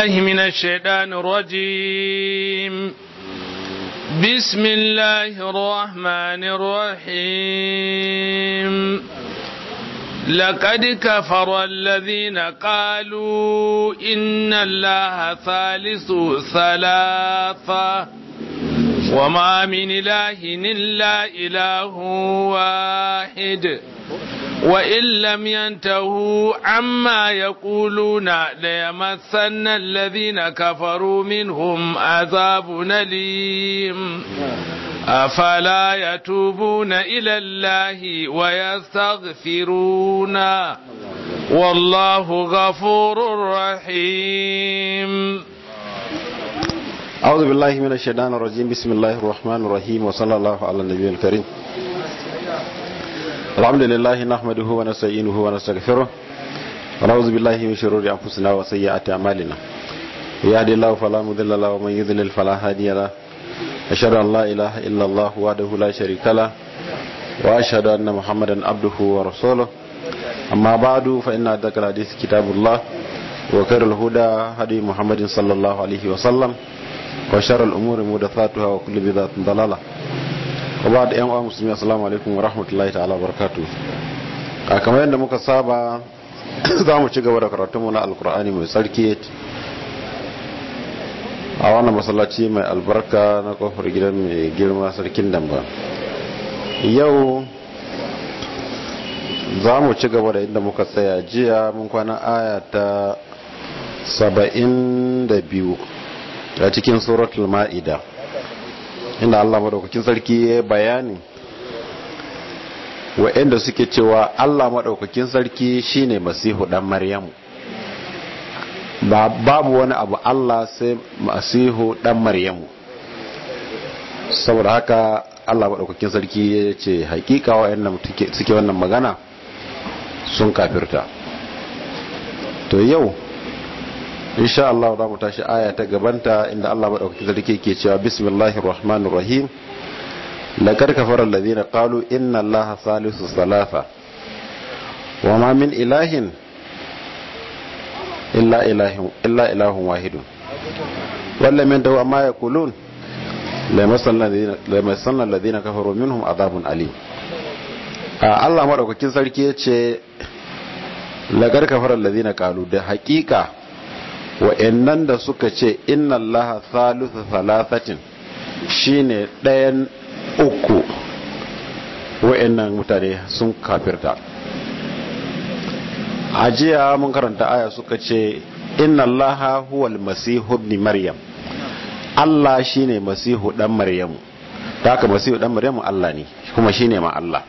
الله من الشيطان الرجيم بسم الله الرحمن الرحيم لقد كفر الذين قالوا إن الله ثالث ثلاثة وما من إله إلا إله واحد وإن لم ينتهوا عما يقولون ليمسن الذين كفروا منهم عذاب أليم أفلا يتوبون إلى الله ويستغفرون والله غفور رحيم أعوذ بالله من الشيطان الرجيم بسم الله الرحمن الرحيم وصلى الله على النبي الكريم الحمد لله نحمده ونستعينه ونستغفره ونعوذ بالله من شرور أنفسنا وسيئات أعمالنا يهدي الله فلا مضل له ومن يضلل فلا هادي له أشهد أن لا إله إلا الله وحده لا شريك له وأشهد أن محمدا عبده ورسوله أما بعد فإن أدرك الحديث كتاب الله وخير الهدى هدي محمد صلى الله عليه وسلم وشر الأمور محدثاتها وكل بدعة ضلالة gaba da 'yan uwa musulmi assalamu alaikum wa rahmatullahi ta'ala barakatu a kamar yadda muka saba za mu ci gaba da karatunmu na alkur'ani mai tsarki a wannan masallaci mai albarka na kofar gidan mai girma sarkin damba yau za mu ci gaba da inda muka tsaya jiya mun kwana aya ta saba'in da biyu a cikin suratul ma'ida inda Allah madaukakin sarki ya yi bayani wayanda suke cewa Allah maɗaukakin sarki shine Masihu dan Maryamu babu wani abu Allah sai Masihu ɗan Maryamu saboda haka Allah maɗaukakin sarki ya ce hakika inda suke wannan magana sun kafirta to yau insha Allah za mu tashi aya ta gabanta inda Allah madaukaki sarki ke cewa bismillahir rahmanir rahim laqad kafara alladhina qalu inna allaha salisu salafa wa ma min ilahin illa ilahun illa ilahun wahidun wallam yantahu ma yaqulun sanna alladhina kafaru minhum adabun alim Allah madaukakin sarki ce laqad kafara alladhina qalu da haqiqa wayannan da suka ce inna allaha thalutha thalathatin shine ɗayan uku wayannan mutane sun kafirta ajiya mun karanta aya suka ce inna allaha huwal masihu ibn maryam Allah shine masihu dan maryam ta haka masihu dan maryam Allah ne kuma shine ma Allah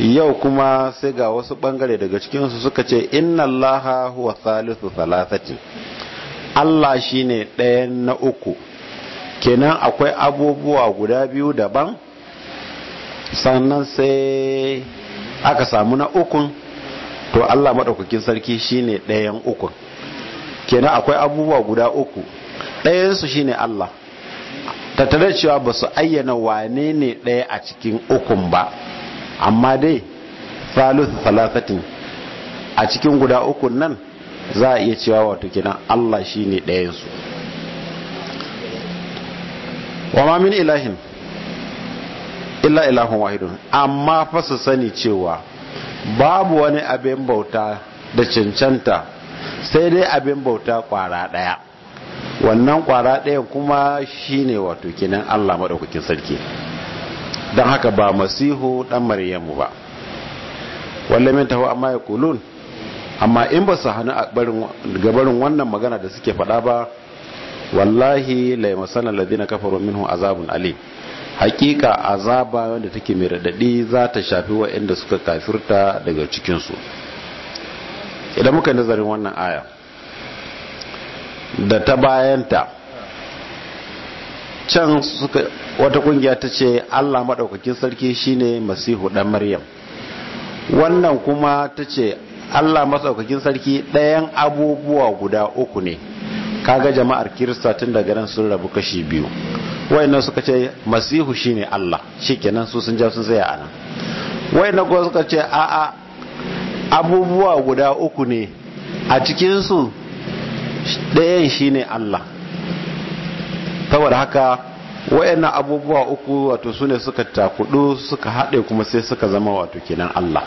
yau kuma sai ga wasu bangare daga cikinsu suka ce inna allaha huwa thalithu thalathatin Allah shine ɗayan na uku kenan akwai abubuwa guda biyu daban sannan sai aka samu na ukun to Allah maɗaukakin sarki shine ɗayan ukun kenan akwai abubuwa guda uku ɗayansu shine Allah tattare cewa ba su ayyana wane ne ɗaya a cikin ukun ba amma dai salisu salasatin a cikin guda uku nan za a iya cewa wato kenan Allah shi ne ɗayansu. wa ma min ilahin illa ilahun wahidun amma fa su sani cewa babu wani abin bauta da cancanta sai dai abin bauta kwara ɗaya wannan kwara ɗayan kuma shi ne wato kenan Allah maɗaukakin sarki don haka ba masihu dan maryamu ba wallahi min tahu amma yaqulun amma in ba su hannu a barin gabarin wannan magana da suke faɗa ba wallahi la yamassana alladhina kafaru minhu azabun alim hakika azaba wanda take mai radadi za ta shafi waɗanda suka kafirta daga cikin su idan muka nazarin wannan aya da ta bayanta can suka wata kungiya ta ce allah maɗaukakin sarki shine masihu ɗan maryam wannan kuma ta ce allah maɗaukakin sarki ɗayan abubuwa guda uku ne kaga jama'ar kirista tun daga nan sun rabu kashi biyu wayannan suka ce masihu shine Allah shikenan su sun ja sun tsaya a nan wayannan kuma suka ce a a abubuwa guda uku ne a cikin su ɗayan shine Allah saboda haka wayannan abubuwa uku wato sune suka takudu suka haɗe kuma sai suka zama wato kenan Allah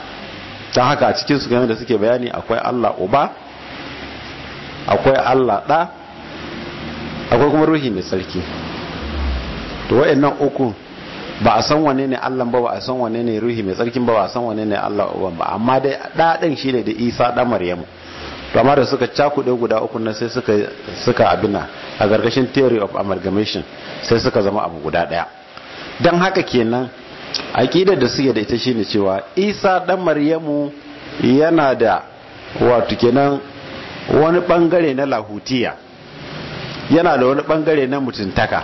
ta haka a cikin su game da suke bayani akwai Allah uba akwai Allah ɗa akwai kuma ruhi mai tsarki to wayannan uku ba a san wane ne Allah ba ba a san wane ne ruhi mai tsarkin ba ba a san wane ne Allah ba amma dai ɗa ɗin shine da Isa ɗan Maryamu amma da suka cakuɗe guda uku nan sai suka suka abina a gargashin theory of amalgamation sai suka zama abu guda ɗaya don haka kenan aƙidar da suke da ita shine cewa isa dan maryamu yana da wato kenan wani ɓangare na lahutiya yana da wani ɓangare na mutuntaka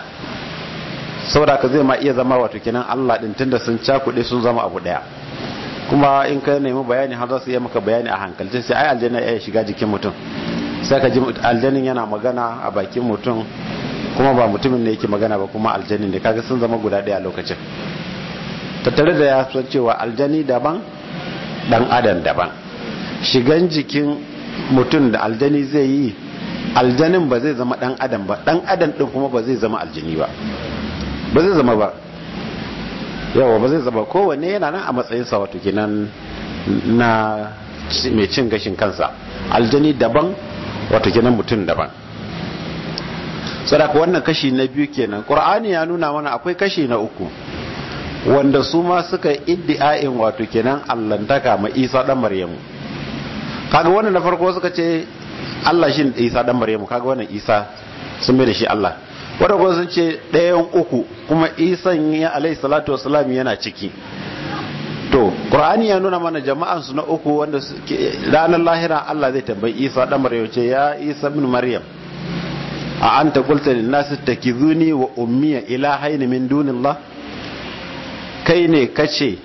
saboda ka zai ma iya zama wato kenan allah ɗin tunda sun cakuɗe sun zama abu ɗaya kuma in ka nemi bayani har za su yi maka bayani a hankalce sai ai aljanna ya shiga jikin mutum sai ka ji aljanin yana magana a bakin mutum kuma ba mutumin ne yake magana ba kuma aljanin ne kaga sun zama guda daya a lokacin tattare da ya san cewa aljani daban dan adam daban shigan jikin mutum da aljani zai yi aljanin ba zai zama dan adam ba dan adam din kuma ba zai zama aljini ba ba zai zama ba yawa ba zai zama kowanne yana nan a matsayinsa wato kinan na mai cin gashin kansa aljani daban wato kinan mutum daban sadaka wannan kashi na biyu kenan qur'ani ya nuna mana akwai kashi na uku wanda su ma suka iddi'ain wato kenan allantaka ma isa dan maryamu kaga wannan na farko suka ce allah shi isa dan maryamu kaga wannan isa sun mai da shi allah wadda kuma sun ce ɗayan uku kuma isan ya alaihi salatu wasalam yana ciki to qur'ani ya nuna mana jama'an su na uku wanda ranar lahira Allah zai tambayi isa dan maryam ce ya isa bin maryam a anta qulta lin nas takizuni wa ummiya ilahaini min dunillah kai ne kace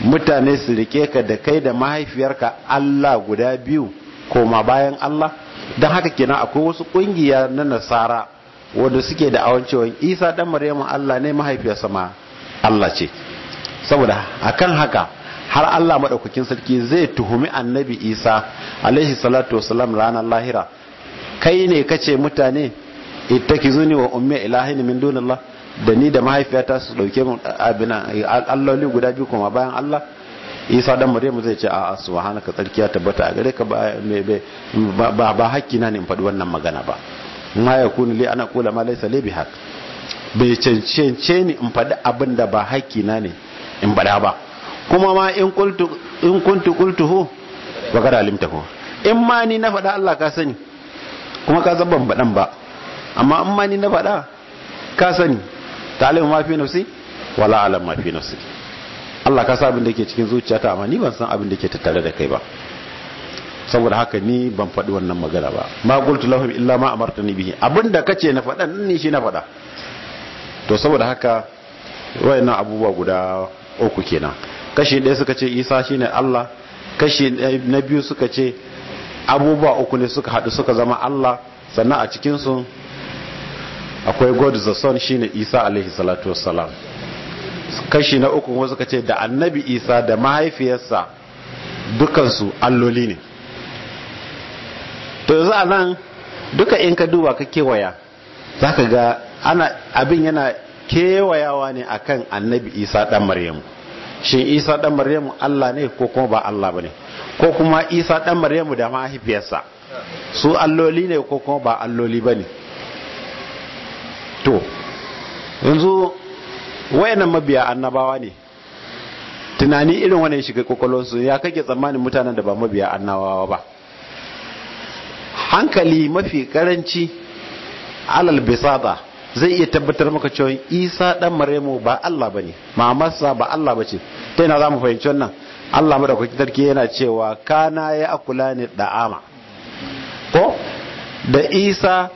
mutane su rike ka da kai da mahaifiyarka Allah guda biyu koma bayan Allah don haka kenan akwai wasu ƙungiya na nasara wanda suke da awan cewa isa dan maryamu allah ne mahaifiyarsa ma allah ce saboda akan haka har allah maɗaukakin sarki zai tuhumi annabi isa alaihi salatu wasalam ranar lahira kai ne kace mutane ittakizuni wa ummi ilahin min dunillah da ni da mahaifiyata su dauke mu abina alloli guda biyu kuma bayan Allah Isa dan Maryamu zai ce a'a subhanaka ya tabbata a gare ka ba ba hakki na ne in faɗi wannan magana ba ma kuni li ana kula ma laisa li bihaq bai cancance ni in faɗi abin da ba na ne in faɗa ba kuma ma in kuntu kultuhu ba kada alimta ko in ma ni na faɗa Allah ka sani kuma ka zaban faɗan ba amma in ma ni na faɗa ka sani ta alimu ma fi nafsi wala alam ma fi nafsi Allah ka sa abin da ke cikin zuciyata amma ni ban san abin da ke tattare da kai ba saboda haka ni ban faɗi wannan magana ba ma gultu lahum illa ma amartani bihi abinda kace na faɗa ni shi na faɗa to saboda haka wayannan abubuwa guda uku kenan kashi ɗaya suka ce Isa shine Allah kashi na biyu suka ce abubuwa uku ne suka haɗu suka zama Allah sannan a cikin su akwai God the Son shine Isa alaihi salatu wassalam kashi na uku wasu suka ce da annabi Isa da mahaifiyarsa dukansu alloli ne to yanzu a nan duka in ka duba ka kewaya za ka ga ana abin yana kewayawa ne akan annabi isa dan maryamu shi isa dan maryamu allah ne ko kuma ba allah ba ne ko kuma isa dan maryamu da mahaifiyarsa su alloli ne ko kuma ba alloli ba ne to yanzu wayannan mabiya annabawa ne tunani irin wani shiga kwakwalwarsu ya kake tsammanin mutanen da ba mabiya annabawa ba hankali mafi karanci alal bisada zai iya tabbatar maka cewa isa dan maremu ba Allah ba ne mamarsa ba Allah bace ta yana mu fahimci wannan Allah kwaki tarki yana cewa kana ya akula ne da'ama ko da isa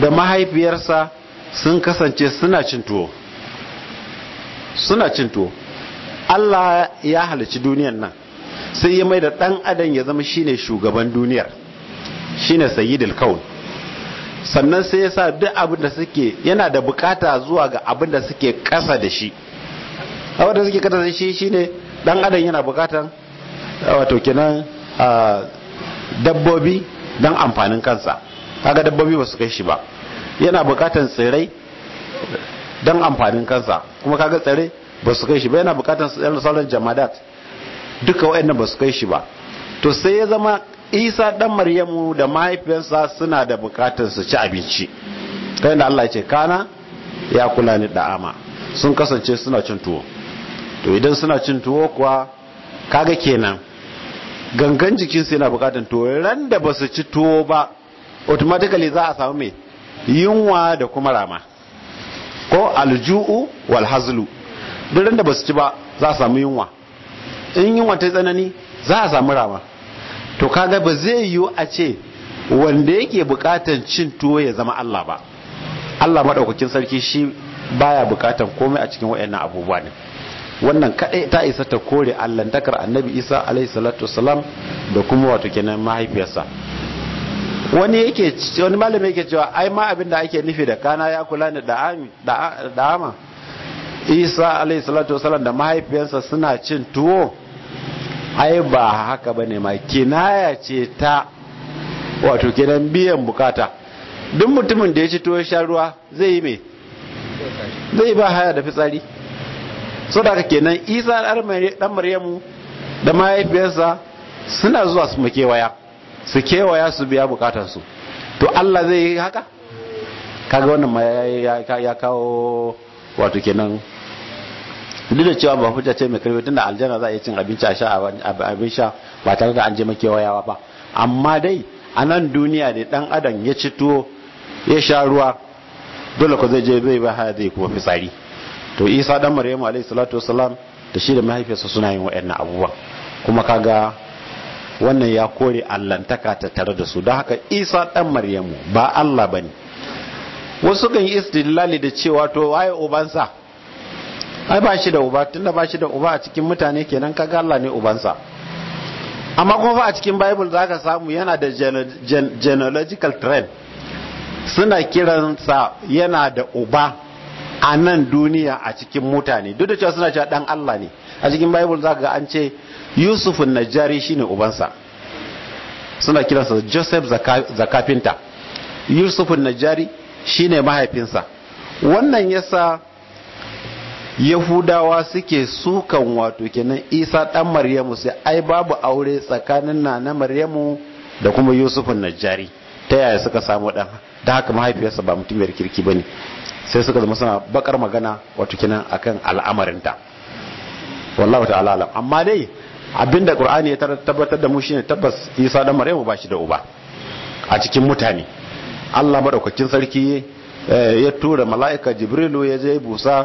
da mahaifiyarsa sun kasance suna cin tuwo suna cin tuwo Allah ya halici duniyar nan sai ya mai da dan adam ya zama shine shugaban duniyar shine sayyidul kaun sannan sai yasa duk abin da suke yana da bukata zuwa ga abin da suke kasa da shi abin da suke kasa da shi shine dan adam yana bukatan wato kenan dabbobi dan amfanin kansa kaga dabbobi ba su kai shi ba yana bukatan tsirrai dan amfanin kansa kuma kaga tsirrai ba su kai shi ba yana bukatan sauran jamadat duka waɗannan ba su kai shi ba to sai ya zama isa dan maryamu da mahaifiyarsa suna da bukatar su ci abinci kai da Allah ce kana ya kula ni da ama. sun kasance suna cin tuwo to idan suna cin tuwo kuwa kaga kenan gangan jikinsu yana bukatar tuwo ran da ba ci tuwo ba automatically za a samu me yunwa da kuma rama ko alju'u wal hazlu duk ran da ba ci ba za a samu yunwa in yunwa ta tsanani za a samu rama to kaga ba zai yiwu a ce wanda yake bukatan cin tuwo ya zama Allah ba Allah madaukakin sarki shi baya bukatan komai a cikin wayannan abubuwa ne wannan kadai ta isa ta kore allantakar annabi isa alaihi salatu wasalam da kuma wato kenan mahaifiyarsa wani yake wani malami yake cewa ai ma abin da ake nufi da kana ya kula ni da da ama isa alaihi salatu wasalam da mahaifiyarsa suna cin tuwo ai ba haka bane ma kinaya ce ta wato kenan biyan bukata duk mutumin da ya ci to ya sha ruwa zai yi me zai ba haya da fitsari so da kenan isa dan maryamu da mahaifiyarsa suna zuwa su waya su kewaya su biya bukatar su to allah zai yi haka kaga wannan ya kawo wato kenan duk da cewa ba hujja ce mai karfi tunda aljanna za a iya cin abinci a sha abin sha ba tare da an je makewayawa ba amma dai a nan duniya ne dan adam ya ci tuwo ya sha ruwa dole ko zai je zai ba haya zai kuma fitsari to isa dan maryamu Alayhi salatu wasalam da shi da mahaifiyarsa suna yin waɗannan abubuwan kuma kaga wannan ya kore allantaka ta tare da su don haka isa dan maryamu ba allah bane wasu kan yi istilali da cewa to waye ubansa ai ba shi da uba tunda ba shi da uba a cikin mutane kenan kaga Allah ne ubansa amma kuma fa a cikin bible zaka samu yana da genealogical trend suna kiransa yana da uba a nan duniya a cikin mutane duk da cewa suna cewa dan Allah ne a cikin bible zaka ga an ce Yusuf Najari shine ubansa suna kiransa Joseph the carpenter Yusuf Najari shine mahaifinsa wannan yasa yahudawa suke sukan wato kenan isa dan maryamu sai ai babu aure tsakanin nana maryamu da kuma yusufun jari ta yaya suka samu dan da haka mahaifiyarsa ba mutumiyar kirki bane sai suka zama suna bakar magana wato kenan akan al'amarinta wallahu ta'ala alam amma dai abinda qur'ani ya tabbatar da mu shine tabbas isa dan maryamu ba shi da uba a cikin mutane Allah madaukakin sarki eh, ya tura mala'ika jibrilu ya je busa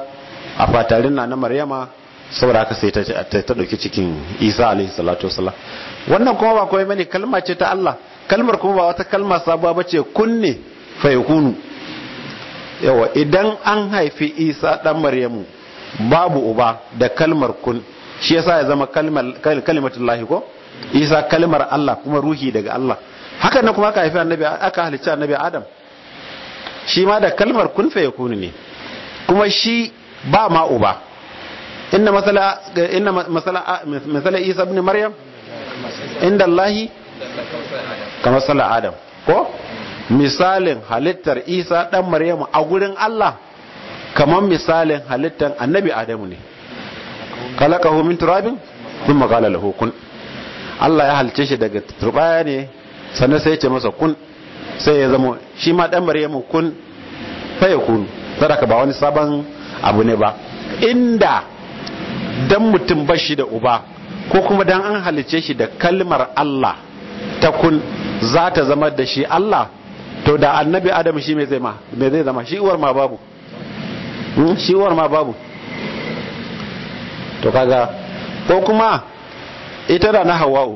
a fatarin na na maryama saboda haka sai ta dauki cikin isa alaihi salatu wasallam wannan kuma ba kawai mani kalma ce ta Allah kalmar kuma ba wata kalma sabuwa bace kunne fayakunu yawa idan an haifi isa dan maryamu babu uba da kalmar kun shi yasa ya zama kalmar kalimatullahi ko isa kalmar Allah kuma ruhi daga Allah haka nan kuma aka haifi annabi aka halicci adam shi ma da kalmar kun ne kuma shi ba ma uba inna masala inna masala masala Isa ibn Maryam inda allahi ka sala Adam ko misalin halittar Isa dan Maryam a gurin Allah kamar misalin halittar Annabi Adamu ne kalakahu min turabin thumma qala lahu kun Allah ya halice shi daga turbaya ne sannan sai ya ce masa kun sai ya zama shi ma dan Maryamu kun fa kun sadaka ba wani sabon abu ne ba inda dan mutum ba shi da uba ko kuma dan an halice shi da kalmar Allah ta kun za ta zama da shi Allah to da annabi adam shi mai zai zama shi uwar ma babu hmm? shi uwar ma babu to kaga ko kuma ita da na hawa'u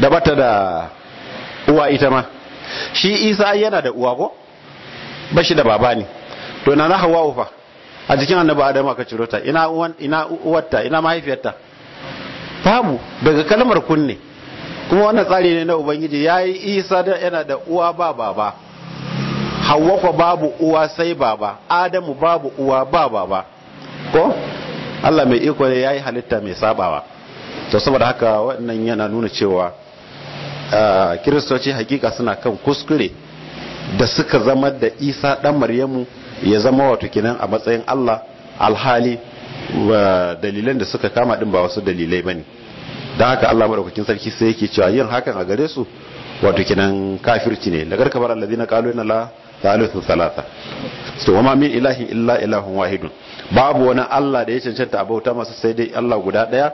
da bata da uwa ita ma shi isa yana da uwa ko ba shi da baba ne to na na hawa'u fa a jikin annabi Adamu aka ciro ta ina uwan ina uwarta ina mahaifiyarta babu daga kalmar kunne kuma wannan tsari ne na ubangiji yayi isa da yana da uwa ba baba hawwa ko babu uwa sai baba adamu babu uwa ba baba ko Allah mai iko ne yayi halitta mai sabawa to saboda haka wannan yana nuna cewa kiristoci hakika suna kan kuskure da suka zama da isa dan maryamu ya zama wato kinan a matsayin Allah alhali dalilan da suka kama din ba wasu dalilai bane don haka Allah madaukakin sarki sai yake cewa yin hakan a gare su wato kinan kafirci ne lagar kabar allazina qalu inna la thalithu thalatha to ma min ilahi illa ilahun wahidun babu wani Allah da ya cancanta a bauta masa sai dai Allah guda daya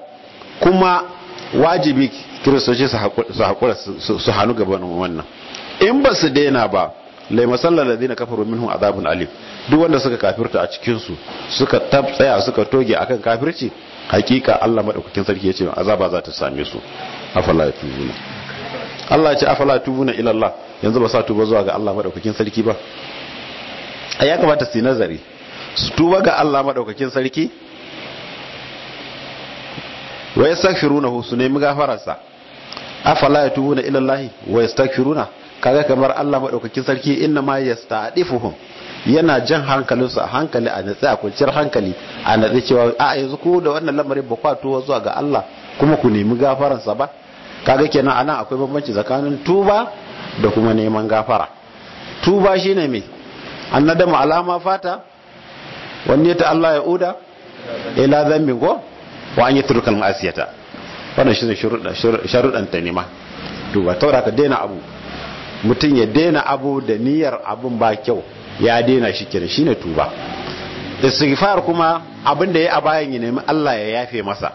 kuma wajibi kiristoci su hakura su hannu gaban wannan in ba su daina ba lai masallal ladina kafaru minhum azabun alim duk wanda suka kafirta a cikin su suka tsaya suka toge akan kafirci hakika Allah madaukakin sarki yace azaba za ta same su afala tubuna. Allah ya ce afala tubuna ila Allah yanzu ba sa tuba zuwa ga Allah madaukakin sarki ba ai ya kamata su nazari su tuba ga Allah madaukakin sarki wa yastaghfirunahu su nemi gafararsa afala yatubuna ila Allah wa yastaghfiruna kaga kamar Allah Maɗaukakin sarki inna ma yasta'difuhum yana jan hankalinsu a hankali a natsi a kwanciyar hankali a natsi cewa a yanzu ku da wannan lamarin ba tuwa zuwa ga Allah kuma ku nemi gafaransa ba kaga kenan anan akwai bambanci tsakanin tuba da kuma neman gafara tuba shine me annadamu alama fata wanne ta Allah ya uda ila zambi ko wa an yi ma'asiyata wannan shi ne ta nema duba taura ka daina abu mutum ya daina abu da niyyar abun ba kyau ya daina shi kira shine tuba istighfar kuma abin da ya a bayan ya nemi Allah ya yafe masa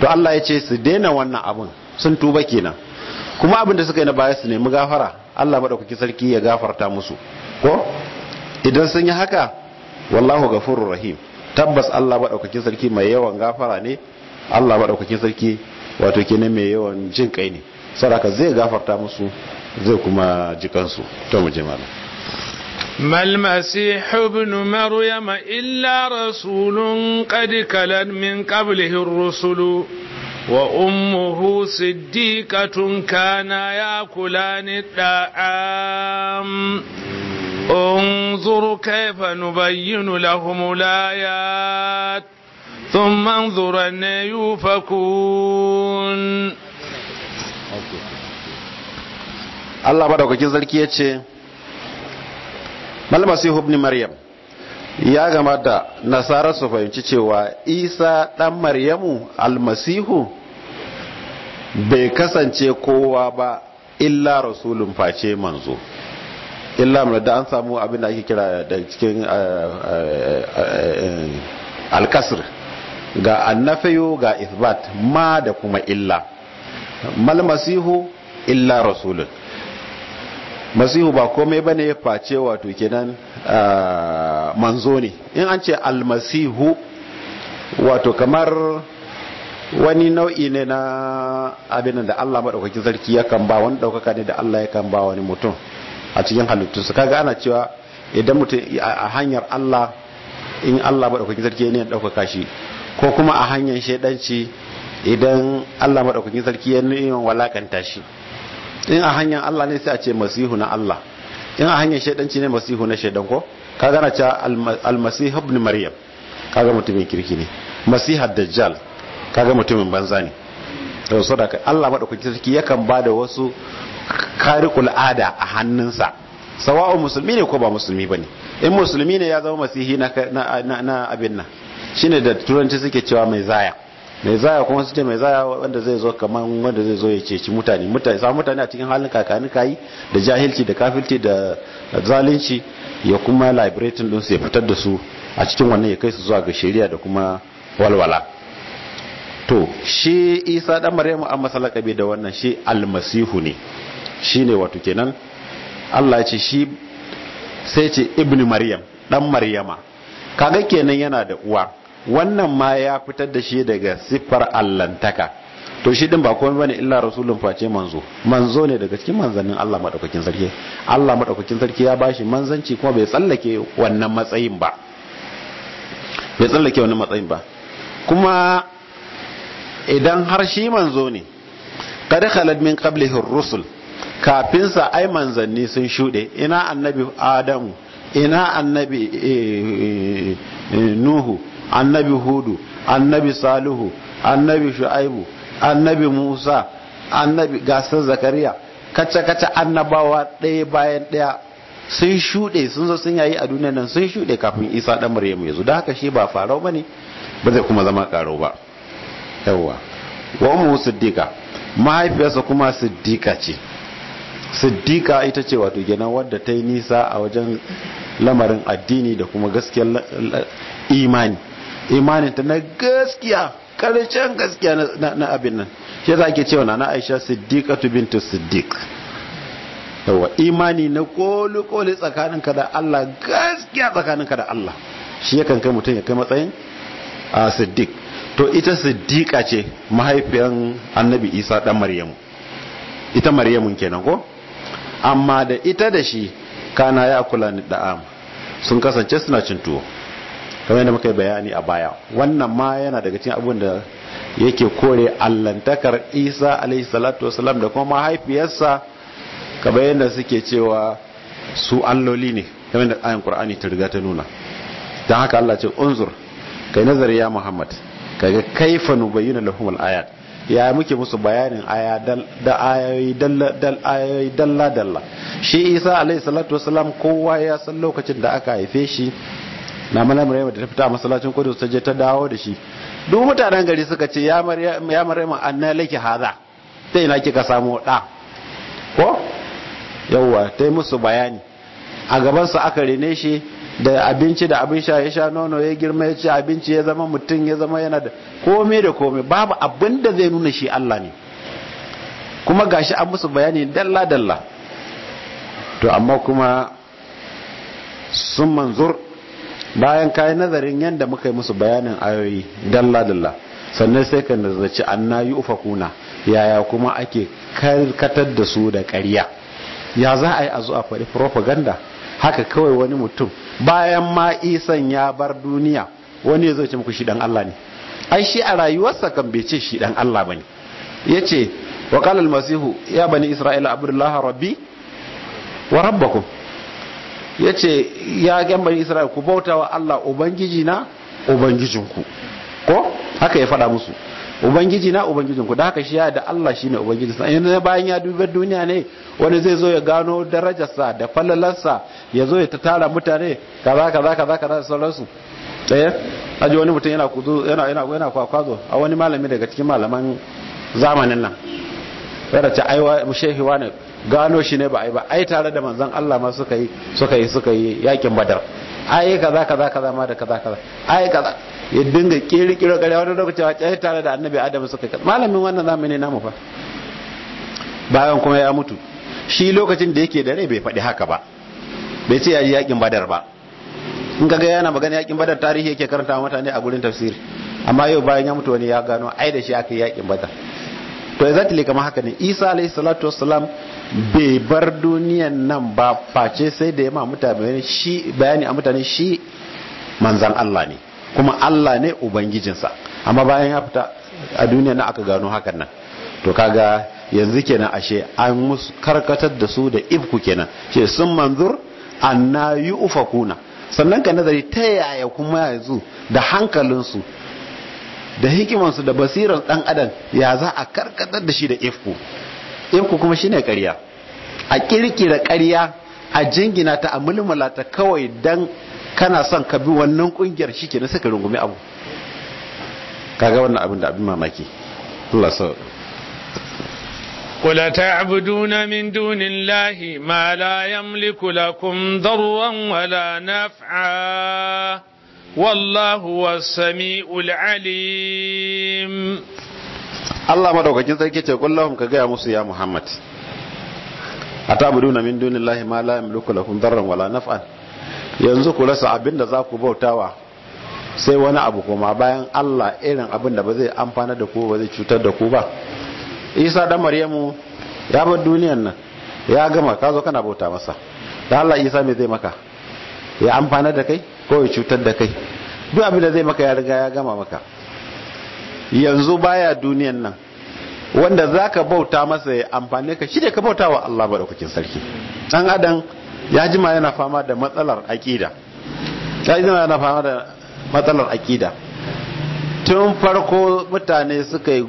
to Allah ya ce su daina wannan abun sun tuba kenan kuma abin da suka yi na baya su nemi gafara Allah madaukaki sarki ya gafarta musu ko idan sun yi haka wallahu ghafurur rahim tabbas Allah madaukakin sarki mai yawan gafara ne Allah madaukakin sarki wato kenan mai yawan jin kai ne saboda zai gafarta musu zai kuma ji kansu to mu je malam mal masih ibn illa rasulun qad kalan min qablihi ar wa ummuhu siddiqatun kana yakulan ta'am انظر كيف نبين لهم الآيات ثم انظر أن يوفكون Allah madaukakin sarki ya ce malmasihu ibn maryam ya gama da nasara su fahimci cewa isa ɗan maryamu almasihu bai kasance kowa ba illa rasulun face manzo illa da an samu abin da ake kira da cikin eh, eh, eh, alkasir ga annafayo ga isbat ma da kuma illa malmasihu illa rasulun masihu ba komai ba ne face wato kenan manzo ne in an ce almasihu wato kamar wani nau'i ne na abin da Allah maɗaukakin ya kan ba wani ɗaukaka ne da Allah kan ba wani mutum a cikin halittunsa kaga ana cewa idan mutum a hanyar Allah in Allah maɗaukakin zarki ne ya ɗaukaka shi ko kuma a hanyar shaidanci idan Allah maɗaukakin zarki ya nuna walakanta shi in a hanyar Allah ne sai a ce masihu na Allah in a hanyar shaidanci ne masihu na shaidan ko ka gana ta almasihu ibn maryam kaga mutumin kirki ne masiha dajjal kaga mutumin banza ne to so da Allah madaukakin sarki yakan ba da wasu kariqul ada a hannunsa sawa'u musulmi ne ko ba musulmi bane in musulmi ne ya zama masihi na na abin nan shine da turanci suke cewa mai zaya mai zaya kuma su ce mai zaya wanda zai zo kamar wanda zai zo ya ceci mutane mutane sa mutane a cikin halin kakani kayi da jahilci da kafilci da zalunci ya kuma liberating din su ya fitar da su a cikin wannan ya kai su zuwa ga shari'a da kuma walwala to shi isa dan maryamu an masa da wannan shi almasihu ne shine wato kenan Allah ya ce shi sai ce ibnu maryam dan maryama kaga kenan yana da uwa wannan ma ya fitar da shi daga siffar allantaka to shi din ba komai bane illa rasulun face manzo manzo ne daga cikin manzannin Allah madaukakin sarki Allah madaukakin sarki ya bashi manzanci kuma bai tsallake wannan matsayin ba bai tsallake wannan matsayin ba kuma idan har shi manzo ne kada khalad min qablihi rusul kafin sa ai manzanni sun shude ina annabi adamu ina annabi eh, eh, eh, nuhu annabi hudu annabi salihu annabi shu'aibu annabi musa annabi gasar zakariya kacce-kacce annabawa ɗaya bayan ɗaya sun shuɗe sun zo sun yayi a duniyar nan sun shuɗe kafin isa ɗan murya mai zo da haka shi ba farau ba ne ba zai kuma zama ƙaro ba yawwa wa mu siddiqa mahaifiyarsa kuma siddiqa ce siddiqa ita ce wato gina wadda ta yi nisa a wajen lamarin addini da kuma gaskiyar imani imaninta na gaskiya karshen gaskiya na abin nan shi za ke cewa na aisha siddiqatu Binta siddiq yawa imani na koli koli tsakaninka da Allah gaskiya tsakaninka da Allah shi yakan kai mutum ya kai matsayin a siddiq to ita siddiqa ce mahaifiyan annabi isa dan maryamu ita maryamun kenan ko amma da ita da shi kana ya kula ni da'am sun kasance suna cin tuwo kamar yadda muka yi bayani a baya wannan ma yana daga cikin abin da yake kore allantakar isa alaihi salatu wasalam da kuma mahaifiyarsa kamar yadda suke cewa su alloli ne kamar yadda ayin qur'ani ta riga ta nuna ta haka Allah ce unzur kai nazari ya muhammad kaga kaifa nubayyana lahum al-ayat ya muke musu bayanin aya da ayoyi dal ayoyi dalla dalla shi isa alaihi salatu wasalam kowa ya san lokacin da aka haife shi na mana maryama da ta fita a masallacin kudus ta je ta dawo da shi duk mutanen gari suka ce ya maryama anna laki haza ta ina kika samu da ko yawwa ta musu bayani a gabansu aka rene shi da abinci da abin sha ya sha nono ya girma ya ci abinci ya zama mutum ya zama yana da komai da komai babu abin da zai nuna shi Allah ne kuma gashi an musu bayani dalla dalla to amma kuma sun manzur bayan kayan nazarin yadda muka yi musu bayanin ayoyi dalla-dalla sannan sai ka nazarci na annayi ufakuna yaya kuma ake karkatar da su da ƙarya ya za a yi a zuwa faɗi propaganda haka kawai wani mutum bayan ma isan ya bar duniya wani zai ce muku shi dan Allah ne ai shi a rayuwarsa kan bai ce shi dan Allah bane yace wa qala al-masihu ya bani isra'ila abdullahi rabbi wa rabbakum ya ce ya gan bani isra'il ku bauta wa Allah ubangiji na ubangijinku ko haka ya faɗa musu ubangiji na ubangijinku da haka shi ya da Allah shi ne ubangiji sa in bayan ya dubi duniya ne wani zai zo ya gano darajarsa da falalarsa ya zo ya ta tara mutane kaza kaza kaza kaza sauransu ɗaya eh? aji wani mutum yana kudu yana yana yana kwakwazo a wani malami daga cikin malaman zamanin nan yana ce aiwa shehi wani gano shi ne ba yi ba ai tare da manzon Allah ma suka yi suka yi suka yi yakin badar ai kaza kaza kaza ma da kaza kaza ai kaza ya dinga kirkiro gare wani lokaci ai tare da annabi adam suka yi malamin wannan zamani namu fa bayan kuma ya mutu shi lokacin da yake da rai bai faɗi haka ba bai ce yi yakin badar ba in kaga yana magana yakin badar tarihi yake karanta mutane a gurin tafsiri amma yau bayan ya mutu wani ya gano ai da shi aka yi yakin badar to exactly kamar haka ne isa alayhi salatu wassalam bai bar duniyan nan ba face sai da ya ma mutane bayani a mutane shi manzan Allah ne kuma Allah ne ubangijinsa amma bayan ya fita a duniya na aka gano hakan nan to kaga yanzu kenan ashe an musu karkatar da su da ibku kenan ce sun manzur anna ufakuna sannan ka nazari ta yaya kuma yanzu da hankalinsu da hikimansu da basirar dan adam ya za a karkatar da shi da ifku ifku kuma shine ƙarya a kirkira ƙarya a jingina ta a mulmula ta kawai dan kana son ka bi wannan kungiyar shi kenan suka rungumi abu kaga wannan abin da abin mamaki Allah sau قل تعبدون من دون الله ما لا يملك لكم ضرا ولا نفعا والله هو السميع العليم Allah مدوكين سيكي تقول kullahum ka gaya musu محمد Muhammad من دون الله ما لا يملك لكم darran wala نفعا yanzu ku rasa abin da za ku bautawa sai wani abu kuma bayan Allah irin abin da ba zai amfana da ku ba zai cutar da ku ba Isa da Maryamu ya bar duniyan nan ya gama ka zo kana bauta masa da Allah Isa me zai maka ya amfana da kai ko ya cutar da kai duk abin da zai maka ya riga ya gama maka yanzu baya duniyan nan wanda za ka bauta masa ya amfani ka shi ka bauta wa Allah maɗaukakin sarki ɗan adam ya jima yana fama da matsalar aƙida ya jima yana fama da matsalar aƙida tun farko mutane suka yi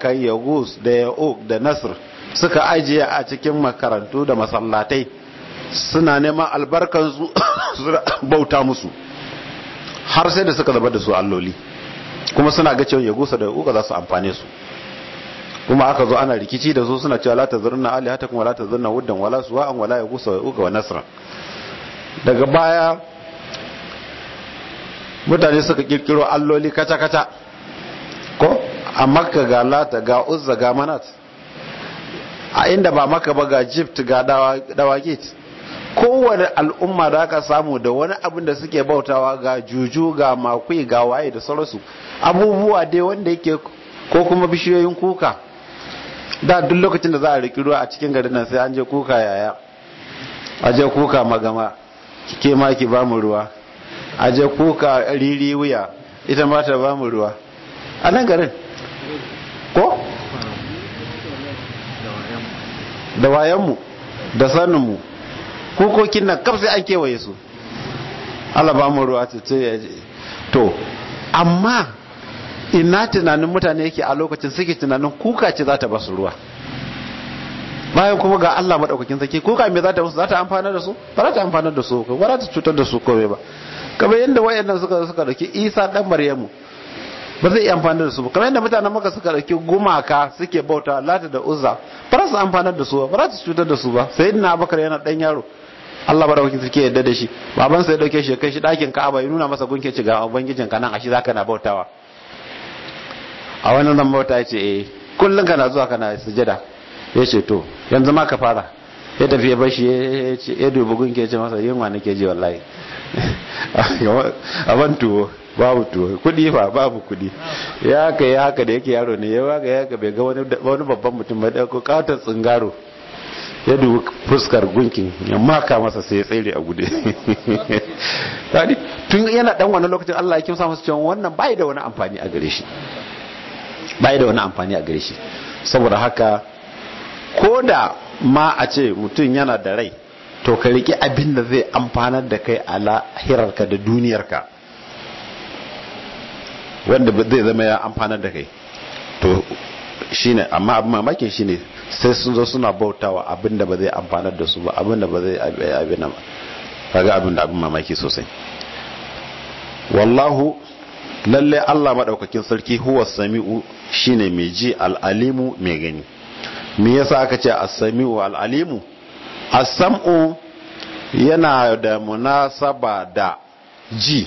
kan yagus da ya'uk da nasir suka ajiye a cikin makarantu da masallatai suna neman albarkan su bauta musu har sai da suka zaba da su alloli kuma suna ga cewa gusa da uka za su amfane su kuma aka zo ana rikici da su suna cewa la tazurna kuma la tazurna wuddan wala an wala gusa wa uka wa nasra daga baya mutane suka kirkiro alloli kaca-kaca ko a makka ga lata ga uzza ga manat a inda ba maka ba ga jift ga dawagit kowane al'umma da aka samu da wani abin da suke bautawa ga juju ga makwai ga waye da sauransu abubuwa dai wanda yake ko kuma bishiyoyin kuka da duk lokacin da za a riƙi ruwa a cikin garin nan sai an je kuka yaya a je kuka magama ke ma ki ba mu ruwa a je kuka riri wuya ita ma ta ba mu ruwa a nan garin ko da wayanmu da saninmu kukokin nan kaf sai an kewaye su Allah ba mu ruwa to amma ina tunanin mutane yake a lokacin suke tunanin kuka ce za ta basu ruwa bayan kuma ga Allah madaukakin sarki kuka me za ta musu za ta amfanar da su ba za ta amfanar da su ba za ta cutar da su ko ba kamar yadda wayannan suka suka dauki Isa dan Maryamu ba zai amfanar da su ba kamar yadda mutanen maka suka dauki gumaka suke bauta Lata da Uzza ba za su amfanar da su ba ba za ta cutar da su ba sayyidina Abubakar yana dan yaro Allah madaukakin suke yadda da shi baban sa ya dauke shi kai shi dakin Ka'aba ya nuna masa gunke ci ga ubangijin ka nan ashi zaka na bautawa a wani nan bauta ya ce eh kullun kana zuwa kana sujada ya ce to yanzu ma ka fara ya tafi ya bashi ya dubi gunke ya ce masa yunwa ke ji wallahi a ban tuwo babu tuwo kudi fa babu kudi ya haka ya haka da yake yaro ne ya haka ya haka bai ga wani babban mutum ba da ko katon tsingaro ya dubi fuskar gunkin ya maka masa sai ya tsere a gude tun yana dan wani lokacin Allah ya kimsa masa cewa wannan bai da wani amfani a gare shi bai da wani amfani a gare shi saboda haka ko da ma a ce mutum yana da rai to ka riki abin da zai amfanar da kai a ka da duniyar ka wanda zai zama ya amfanar da kai to shine amma abin mamakin shine sai sun zo suna bautawa abinda ba zai amfanar da su ba abinda ba zai abin ba kaga abinda abin mamaki sosai wallahu lallai Allah madaukakin sarki huwa sami'u shine mai ji al'alimu mai gani me yasa aka ce as-sami'u al'alimu as-sam'u yana da munasaba da ji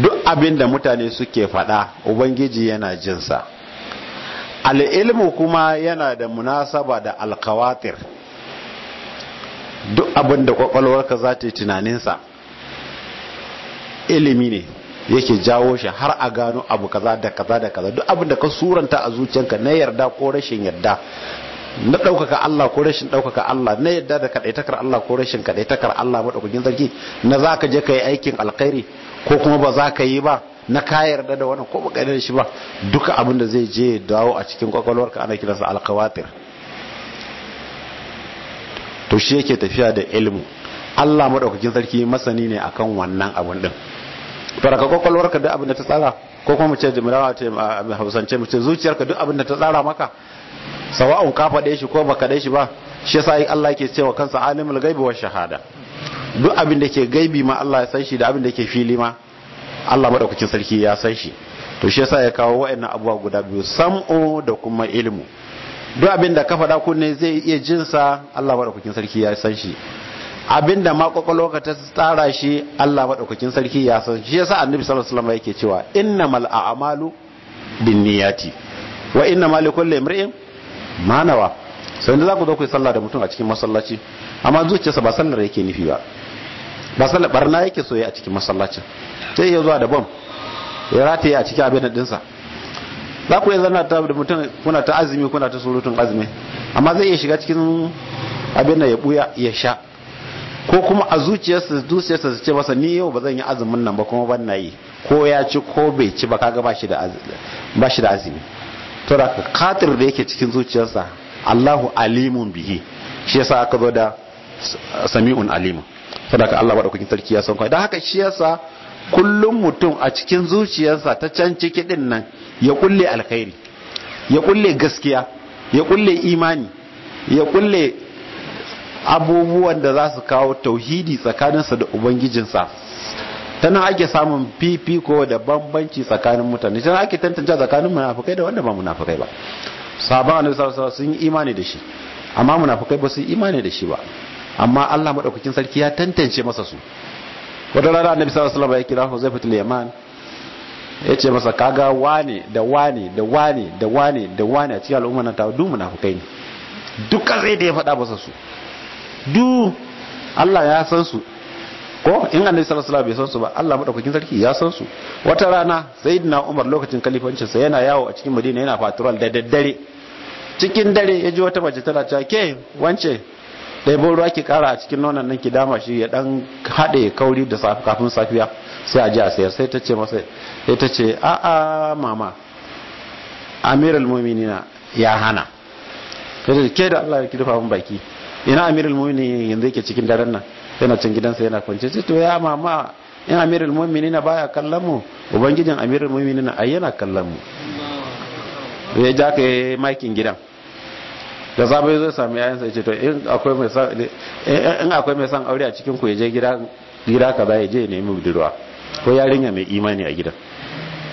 duk abinda mutane suke faɗa ubangiji yana jinsa al'ilmu kuma yana da munasaba da alkawatir duk abin da kwakwalwarka za ta yi tunaninsa ilimi ne yake jawo shi har a gano abu kaza da kaza da kaza duk abin da ka suranta a zuciyanka na yarda ko rashin yarda na ɗaukaka Allah ko rashin ɗaukaka Allah na yarda da kaɗaitakar Allah ko rashin kaɗaitakar Allah maɗaukakin sarki na za ka je ka yi aikin alkhairi ko kuma ba za ka yi ba na ka yarda da wannan ko baka yarda da shi ba duka abin da zai je dawo a cikin kwakwalwarka ana sa alkawatir to shi yake tafiya da ilmu Allah madaukakin sarki masani ne akan wannan abun din faraka kwakwalwarka duk abin da ta tsara ko kuma mu ce jimrawa ce hausance mu ce zuciyarka duk abin da ta tsara maka sawa'un ka faɗe shi ko baka dai shi ba shi yasa Allah ke cewa kansa alimul gaibi wa shahada duk abin da ke gaibi ma Allah ya san shi da abin da ke fili ma Allah madaukakin sarki ya san shi to shi yasa ya kawo wa'annan abubuwa guda biyu sam'u da kuma ilmu duk abinda ka faɗa kunne zai iya jinsa Allah madaukakin sarki ya san shi abinda ma kwakwalwa ta tsara shi Allah madaukakin sarki ya san shi yasa annabi sallallahu alaihi wasallam yake cewa innamal a'malu binniyati wa innamal likulli imrin ma nawa sai da za ku zo ku yi sallah da mutum a cikin masallaci amma zuciyarsa ba sallar yake nufi ba ba sallar barna yake yi a cikin masallacin zai iya zuwa da bom ya rataye a cikin abin dinsa za ku iya zana ta da mutum kuna ta azumi kuna ta surutun azumi amma zai iya shiga cikin abin da ya buya ya sha ko kuma a zuciyarsa zuciyarsa su ce masa ni yau ba zan yi azumin nan ba kuma ban na yi ko ya ci ko bai ci ba kaga ba shi da azumi to da katir da yake cikin zuciyarsa Allahu alimun bihi shi yasa aka zo da sami'un alimun sadaka Allah madaukakin sarki ya san kwa don haka shi yasa kullum mutum a cikin zuciyarsa ta can ciki din nan ya kulle alkhairi ya kulle gaskiya ya kulle imani ya kulle abubuwan da za su kawo tauhidi tsakaninsa da ubangijinsa tana ake samun fifiko da bambanci tsakanin mutane tana ake tantance tsakanin munafukai da wanda ba munafukai ba sabon sa-sa sun yi imani da shi amma munafukai ba su yi imani da shi ba amma Allah maɗaukakin sarki ya tantance masa su wata rana annabi sallallahu alaihi wasallam ya kira Huzaifatul Yaman ya ce masa kaga wani da wani da wani da wani da wani a cikin al'umma na ta duk munafukai kai duk sai da ya faɗa masa su duk Allah ya san su ko in annabi sallallahu alaihi bai san su ba Allah madaukakin sarki ya san su wata rana sayyidina Umar lokacin kalifancin sa yana yawo a cikin Madina yana fatural da daddare cikin dare ya ji wata mace tana cewa ke wance ɗaibin ruwa ki kara a cikin nonon nan ki dama shi ya dan haɗe kauri da safi kafin safiya sai a ji a sayar sai ta ce masa sai ta ce a a mama amirul na ya hana sai ta ce ke da Allah ki dafa mun baki ina amirul mu'minin yanzu yake cikin daren nan yana cin gidansa yana kwance sai to ya mama in amirul na baya kallon mu ubangijin amirul mu'minina ai yana kallon mu ya ja ka makin gidan da safe zai sami yayansa ya ce to in akwai mai san aure a cikin ku je gida gida kaza ya je ya nemi budurwa ko yarinya mai imani a gidan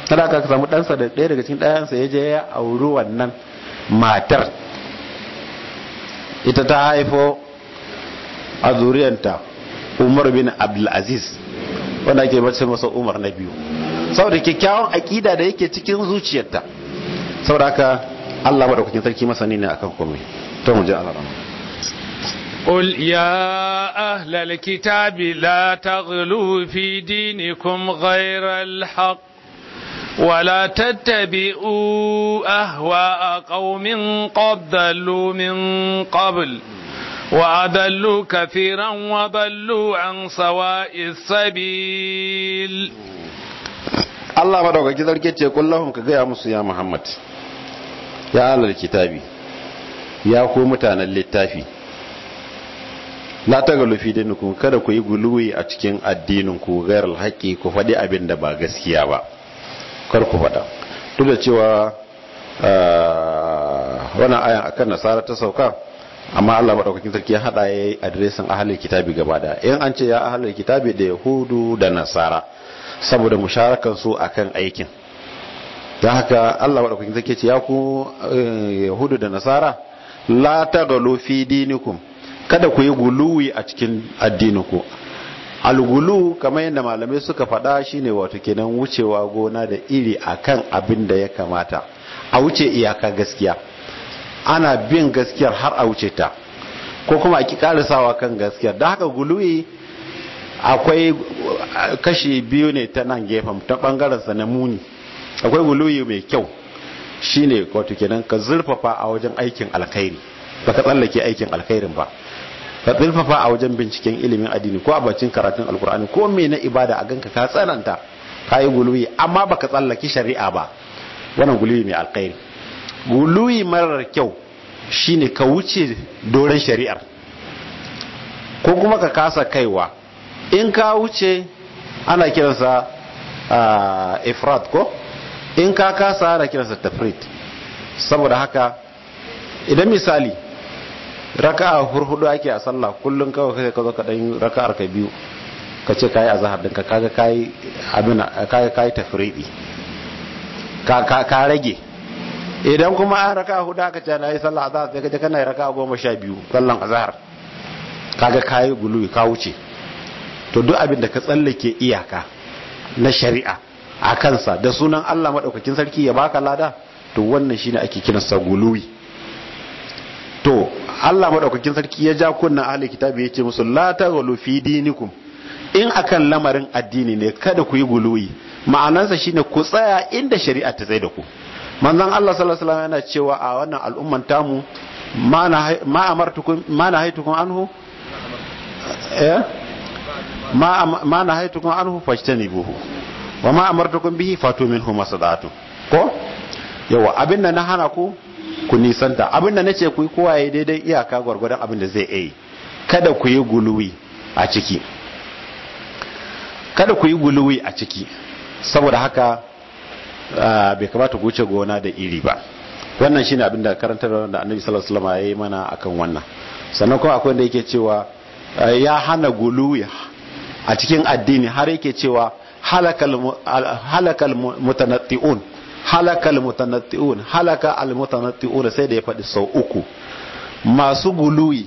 kada ka samu ɗansa da ɗaya daga cikin ɗayansa ya je ya auri wannan matar ita ta haifo a zuriyanta umar bin abdulaziz wanda ake mace masa umar na biyu saboda kyakkyawan akida da yake cikin zuciyarta saboda aka. Allah madaukakin sarki masani ne akan komai to mu ji Allah قل يا أهل الكتاب لا تغلوا في دينكم غير الحق ولا تتبعوا أهواء قوم قد ضلوا من قبل وأضلوا كثيرا وضلوا عن سواء السبيل الله مدعوك كذلك يقول لهم كذا يا محمد ya alal kitabi ya ku mutanen littafi la tagalu fi dinikum kada ku yi guluwi a cikin addinin ku alhaki ku faɗi abin da ba gaskiya ba kar ku faɗa duk da cewa ah, wani ayan akan nasara ta sauka amma Allah daukakin sarki ya hada yi adiresin ahlul kitabi gaba da in an ce ya ahalar kitabi da yahudu da nasara saboda musharakan su akan aikin ta haka Allah maɗaukakin zake ce ya ku eh, yahudu da nasara la tagalu fi dinikum kada ku yi guluwi a cikin addininku algulu kamar yadda malamai suka faɗa shine wato kenan wucewa gona da iri akan abin da ya kamata a wuce iyaka gaskiya ana bin gaskiyar har a wuce ta ko kuma a ki karisawa kan gaskiyar da haka guluwi akwai eh, kashi biyu ne ta nan gefen ta bangaren na muni akwai guluyi mai kyau shine wato kenan ka zurfafa a wajen aikin alkhairi ba ka tsallake aikin alkhairin ba ka zurfafa a wajen binciken ilimin addini ko a bacin karatun alkur'ani ko me na ibada a ganka ka tsananta ka yi guluyi amma baka tsallaki shari'a ba wannan guluyi mai alkhairi guluyi marar kyau shine ka wuce doron shari'ar ko kuma ka kasa kaiwa in ka wuce ana kiransa ah, ifrat ko in ka kasa ana kiransa tafrit saboda haka idan misali raka'a hurhudu ake a sallah kullum kawai kai ka zo ka dan raka'ar ka biyu ka ce kayi azhar din ka kaga kayi abina kaga kai tafridi ka ka ka rage idan kuma an raka'a hudu aka ce nayi sallah azhar sai ka je kana raka'a goma sha biyu sallan azhar kaga kayi gulu ka wuce to duk abin da ka tsallake iyaka na shari'a a kansa da sunan Allah maɗaukakin sarki ya baka lada to wannan shine ake kiransa guluwi to Allah maɗaukakin sarki ya ja kunna ahli kitabi yace musu la taghlu fi dinikum in akan lamarin addini ne kada ku yi guluwi ma'anansa shine ku tsaya inda shari'a ta tsaye da ku manzon Allah sallallahu alaihi yana cewa a wannan al'umman tamu ma amartukum ma nahaitukum anhu eh ma ma nahaitukum anhu fajtanibuhu wa ma amartukum bihi fatu minhu masadatu ko yawa abin na hana ku ku nisanta abin nace ku yi kowa ya daidai iyaka gwargwadon abin da zai yi kada ku yi guluwi a ciki kada ku yi guluwi a ciki saboda haka bai kamata ku wuce gona da iri ba wannan shine abin da da annabi sallallahu alaihi wasallam yayi mana akan wannan sannan kuma akwai wanda yake cewa ya hana guluwi a cikin addini har yake cewa halaka almutanatti'un halaka almutanatti'un halaka almutanatti'un sai da ya faɗi sau uku masu guluwi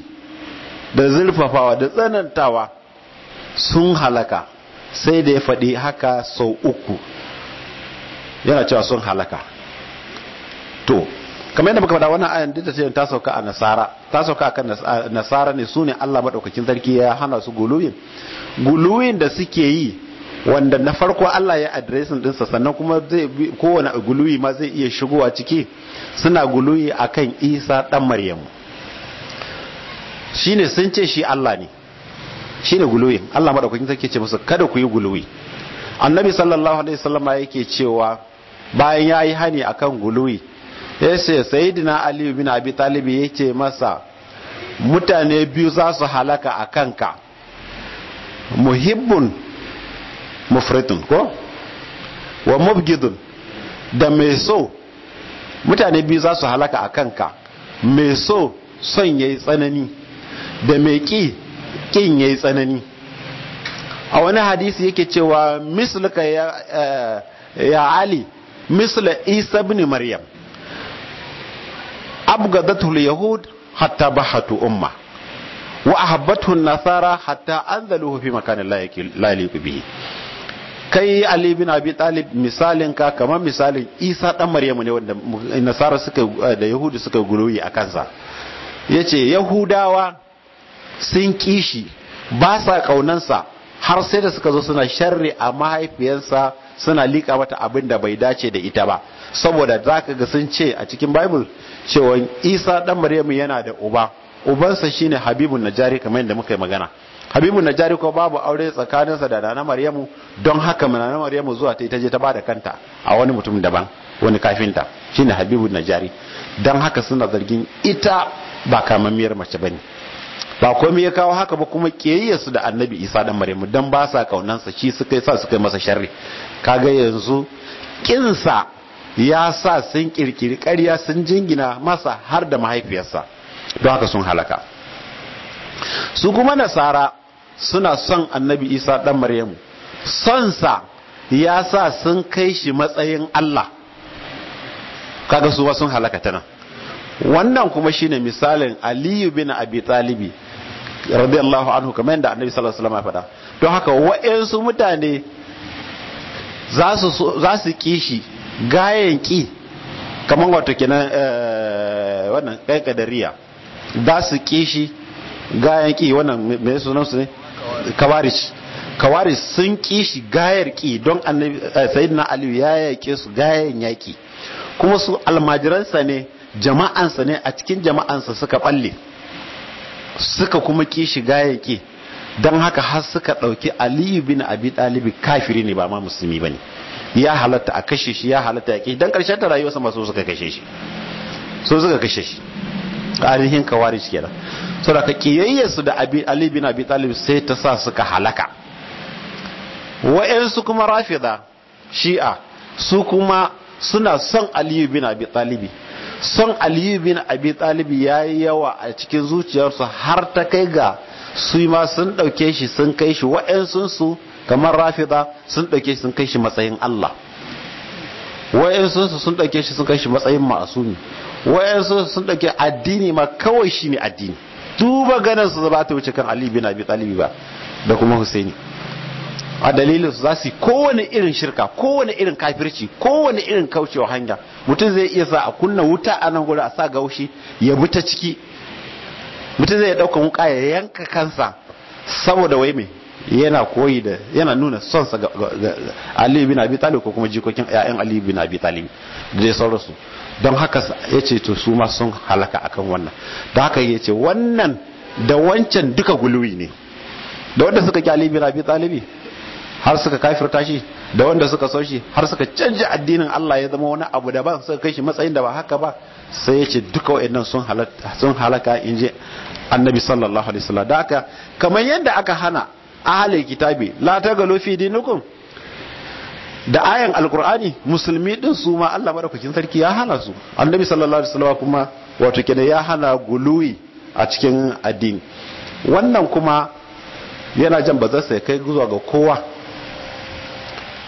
da zurfafawa da tsanantawa sun halaka sai da ya faɗi haka sau uku yana cewa sun halaka to kamar yadda muka faɗa wannan ayan duk da cewa ta sauka a nasara ta sauka akan nasara ne su ne Allah madaukakin sarki ya hana su guluwin guluwin da suke yi wanda na farko Allah ya adresin dinsa sannan kuma zai kowane guluyi ma zai iya shigowa ciki suna guluyi akan Isa dan Maryamu shine sun ce shi Allah ne shine guluyi Allah madaukakin sarki ce musu kada ku yi guluyi annabi sallallahu alaihi wasallama yake cewa bayan yayi hani akan guluyi sai sayyidina Aliyu bin Abi Talib yace masa mutane biyu za su halaka akan ka muhibbun mufritun ko wa mubgidun da mai so mutane biyu za su halaka a kanka mai so son ya yi tsanani da mai ƙi ƙin ya yi tsanani a wani hadisi yake cewa mislika eh, ya ali misla isa bin maryam abgadatul yahud hatta bahatu umma wa ahabbatu nasara hatta anzaluhu fi makanin la yaliqu bihi kai ali bin abi talib misalin ka kamar misalin isa dan maryamu ne wanda nasara suka eh, da yahudu suka guloyi a kansa yace yahudawa sun kishi ba sa kaunansa har sai da suka zo suna sharri a mahaifiyarsa suna lika mata abin da bai dace da ita ba saboda zaka ga sun ce a cikin bible cewa isa dan maryamu yana da uba ubansa shine habibun najari kamar yadda muka yi magana habibu na jari ko babu aure tsakaninsa da nana maryamu don haka nana maryamu zuwa ta ita je ta bada kanta a wani mutum daban wani kafinta shine habibu najari don haka suna zargin ita ba kamammiyar mace bane ba komai ya kawo haka ba kuma kiyayya su da annabi isa dan maryamu dan ba sa kaunansa shi suka sa suka masa sharri kaga yanzu kinsa ya sa sun kirkiri ƙarya sun jingina masa har da mahaifiyarsa don haka sun halaka su kuma nasara suna son annabi isa dan maryamu sonsa ya sa sun kai shi matsayin allah kaga su wasu halakata nan wannan kuma shine misalin aliyu bin abi talibi radiyallahu anhu kamar yadda annabi sallallahu alaihi wasallam ya faɗa don haka wa'yansu mutane za su ƙi shi gayen ƙi kamar wato kenan eh, wannan kadariya za su ƙi gayan ki wannan mai sunan su ne kawaris kawaris sun kishi shi gayar ki don annabi eh, sayyidina ali ya yake su gayan yaki kuma su almajiransa ne jama'ansa ne a cikin jama'ansa suka balle suka kuma kishi shi gayan ki don haka har suka ɗauki aliyu bin abi ɗalibi kafiri ne ba ma musulmi ba ne ya halatta a kashe shi ya halatta ya kashe don ƙarshen ta rayuwarsa masu suka kashe shi so suka kashe shi ainihin kawarij kenan saboda ka su da ali bin abi talib sai ta sa suka halaka wa'yansu kuma rafida shi'a su kuma suna son aliyu bin abi talibi son aliyu bin abi talibi ya yi yawa a cikin zuciyarsu har ta kai ga su ma sun dauke shi sun kai shi wa'yansunsu kamar rafida sun dauke shi sun kai shi matsayin allah wa'yansunsu sun dauke shi sun kai shi matsayin ma'asumi wayansu sun dauke addini ma kawai ne addini duba ganin su ba ta wuce kan Ali bin Abi Talib ba da kuma Husaini a dalilin su za su kowane irin shirka kowane irin kafirci kowane irin kaucewa hanya mutum zai iya sa a kunna wuta a nan gudu a sa gaushi ya bi ta ciki mutum zai dauka wuka ya yanka kansa saboda wai mai yana koyi da yana nuna sonsa sa ga Ali bin Abi Talib ko kuma jikokin ƴaƴan Ali bin Abi Talib da dai sauransu don haka ya ce to su ma sun halaka akan wannan da haka ya ce wannan da wancan duka gulwi ne da wanda suka kyali bin abi talibi har suka kafirta shi da wanda suka so shi har suka canja addinin Allah ya zama wani abu daban suka kai shi matsayin da ba haka ba sai ya ce duka wa'annan sun halaka sun halaka inji annabi sallallahu alaihi wasallam da haka kamar yadda aka hana ahalin kitabi la tagalu fi dinikum da ayan alkur'ani musulmi din su ma Allah madaukakin sarki ya hana su annabi sallallahu alaihi wasallam kuma wato kenan ya hana guluwi a cikin addini wannan kuma yana jan ba zai kai zuwa ga kowa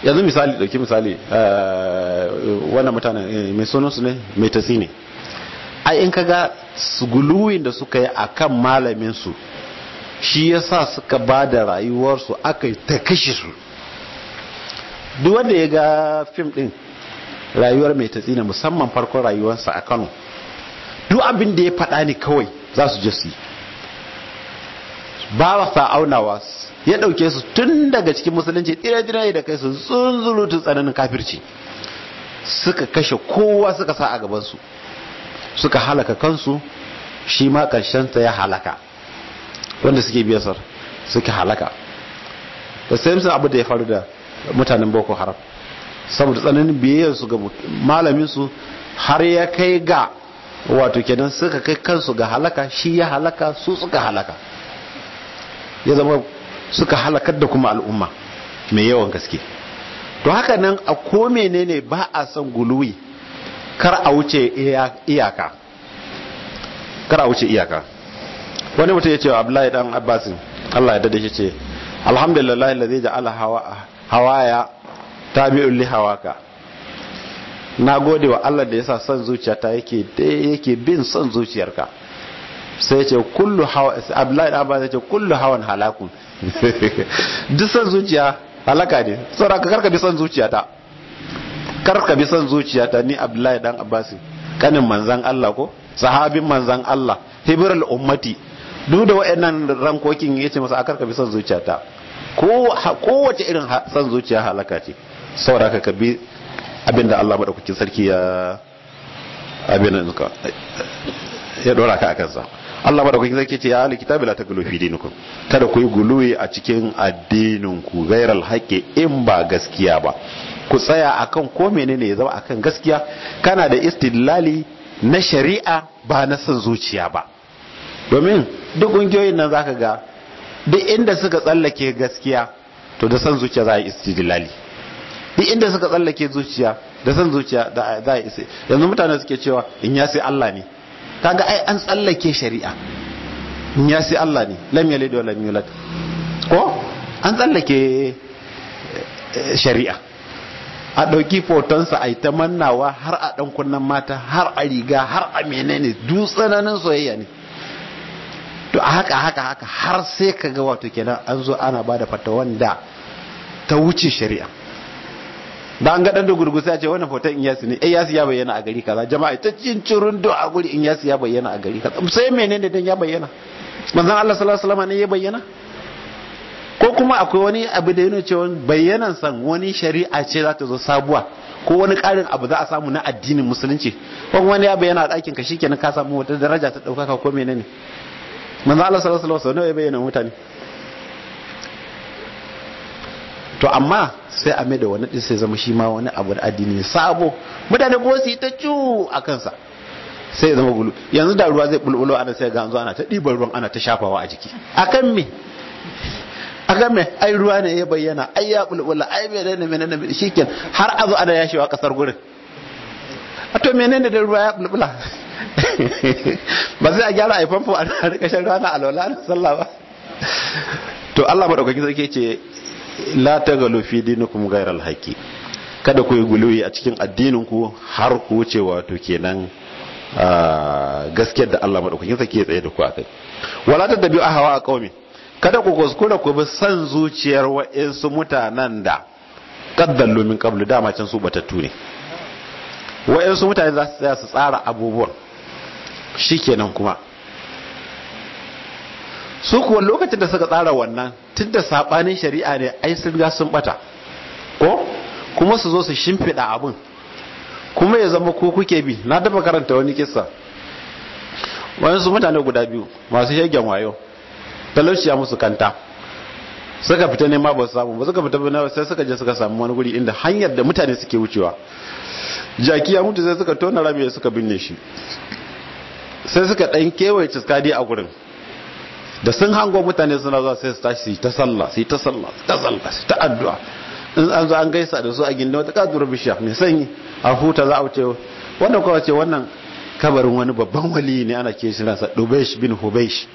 yanzu misali dauki misali eh, wannan mutanen eh, mai sunan su ne mai tasi ne ai in kaga su guluwin da suka yi akan malamin su shi yasa suka ba da rayuwarsu aka ta kashe su duk wanda ya ga fim din rayuwar mai ta tsina musamman farkon rayuwarsa a Kano duk abin da ya faɗa ne kawai za su je su ba wa sa aunawa ya ɗauke su tun daga cikin musulunci tsire-tsire da kai su sun tun tsananin kafirci suka kashe kowa suka sa a gabansu suka halaka kansu shi ma ta ya halaka wanda suke biyasar suka halaka da same abu da ya faru da mutanen boko haram saboda tsananin biyayyarsu ga malaminsu har ya kai ga wato kenan suka kai kansu ga halaka shi ya halaka su suka halaka ya zama suka halakar da kuma al'umma mai yawan gaske to haka nan a ko menene ba a son guluwi kar a wuce iyaka kar a wuce iyaka wani mutum ya ce wa abdullahi dan abbasin allah ya dade shi ce alhamdulillah da ja'ala hawa a. hawaya tabi'un li hawaka na gode wa Allah da yasa son zuciyata yake yake bin son zuciyarka sai ce kullu hawa Abdullahi da sai ce kullu hawan halakun duk son zuciya halaka ne saboda karka bi son zuciyata karka bi son zuciyata ni Abdullahi dan Abbas kanin manzan Allah ko sahabin manzan Allah hibral ummati duk da waɗannan rankokin yace masa a karka bi son zuciyata kowace irin san zuciya halaka ce saboda ka kabi abinda Allah madaukakin sarki ya abin ka ya dora ka akan sa Allah madaukakin sarki ce ya ahli kitabi la taglu fi dinikum kada ku yi guluwi a cikin addininku ku gairal in ba gaskiya ba ku tsaya akan ko menene ya zama akan gaskiya kana da istidlali na shari'a ba na san zuciya ba domin duk ƙungiyoyin nan zaka ga duk inda suka tsallake gaskiya to da san zuciya za a yi istidlali duk inda suka tsallake zuciya da san zuciya za a yi yanzu mutane suke cewa in ya sai Allah ne kaga ai an tsallake shari'a in ya sai Allah ne lam yalid wa lam yulad ko an tsallake eh, shari'a a ɗauki fotonsa a yi ta mannawa har a ɗan kunnen mata har a riga har a menene dutsananin soyayya ne to a haka haka haka har sai ka ga wato kenan an zo ana bada fata wanda ta wuce shari'a da an ga dan da gurgusa ce wannan hoton in yasi ne eh yasi ya bayyana a gari kaza jama'a ta cin cirun do a guri in yasi ya bayyana a gari kaza sai menene dan ya bayyana manzon Allah sallallahu alaihi wasallam ne ya bayyana ko kuma akwai wani abu da yana cewa bayyanan san wani shari'a ce za ta zo sabuwa ko wani karin abu za a samu na addinin musulunci ko wani ya bayyana a ɗakin ka shikenan ka samu wata daraja ta ɗaukaka ko menene manzo Allah sallallahu alaihi wasallam ya bayyana mutane to amma sai a mai da wani din sai zama shi ma wani abu da addini sabo mutane ko su yi ta cu a kansa sai zama gulu yanzu da ruwa zai bulbulo ana sai ga ana ta ɗiban ruwan ana ta shafawa a jiki akan me akan me ai ruwa ne ya bayyana ai ya bulbula ai bai da ne menene kenan har azu ana yashewa kasar gurin a to menene da ruwa ya bulbula ba sai a gyara a yi famfo a rika rana a lola na sallah ba to Allah maɗaukaki sarki ce la ta galo fi kuma ghairal alhaki kada ku yi guluyi a cikin addinin ku har ku wuce wato kenan gaskiyar da Allah maɗaukaki sarki ya tsaye da ku kai wala hawa a qaumi kada ku kuskura ku bi san zuciyar wa'insu mutanen da kaddallu min qablu dama can su batattu ne wa'yansu mutane za su tsaya su tsara abubuwan shi kenan kuma su kuwa lokacin da suka tsara wannan tun da saɓanin shari'a ne ai sun ga sun bata ko kuma su zo su shimfiɗa abin kuma ya zama ko kuke bi na dafa karanta wani kisa wani su mutane guda biyu masu shagen wayo talauci ya musu kanta suka fita nema ba su samu ba suka fita ba sai suka je suka samu wani guri inda hanyar da mutane suke wucewa jaki ya mutu sai suka tona rami suka binne shi sai suka ɗan kewaye ciskadi a gurin da sun hango mutane suna zuwa sai su tashi su yi ta sallah su yi ta sallah su ta sallah su ta addu'a in an zo an gaisa da su a gindin wata kazuwar bishiya mai sanyi a huta za a wuce wannan kawai ce wannan kabarin wani babban wali ne ana ke shi nasa dubesh bin hubesh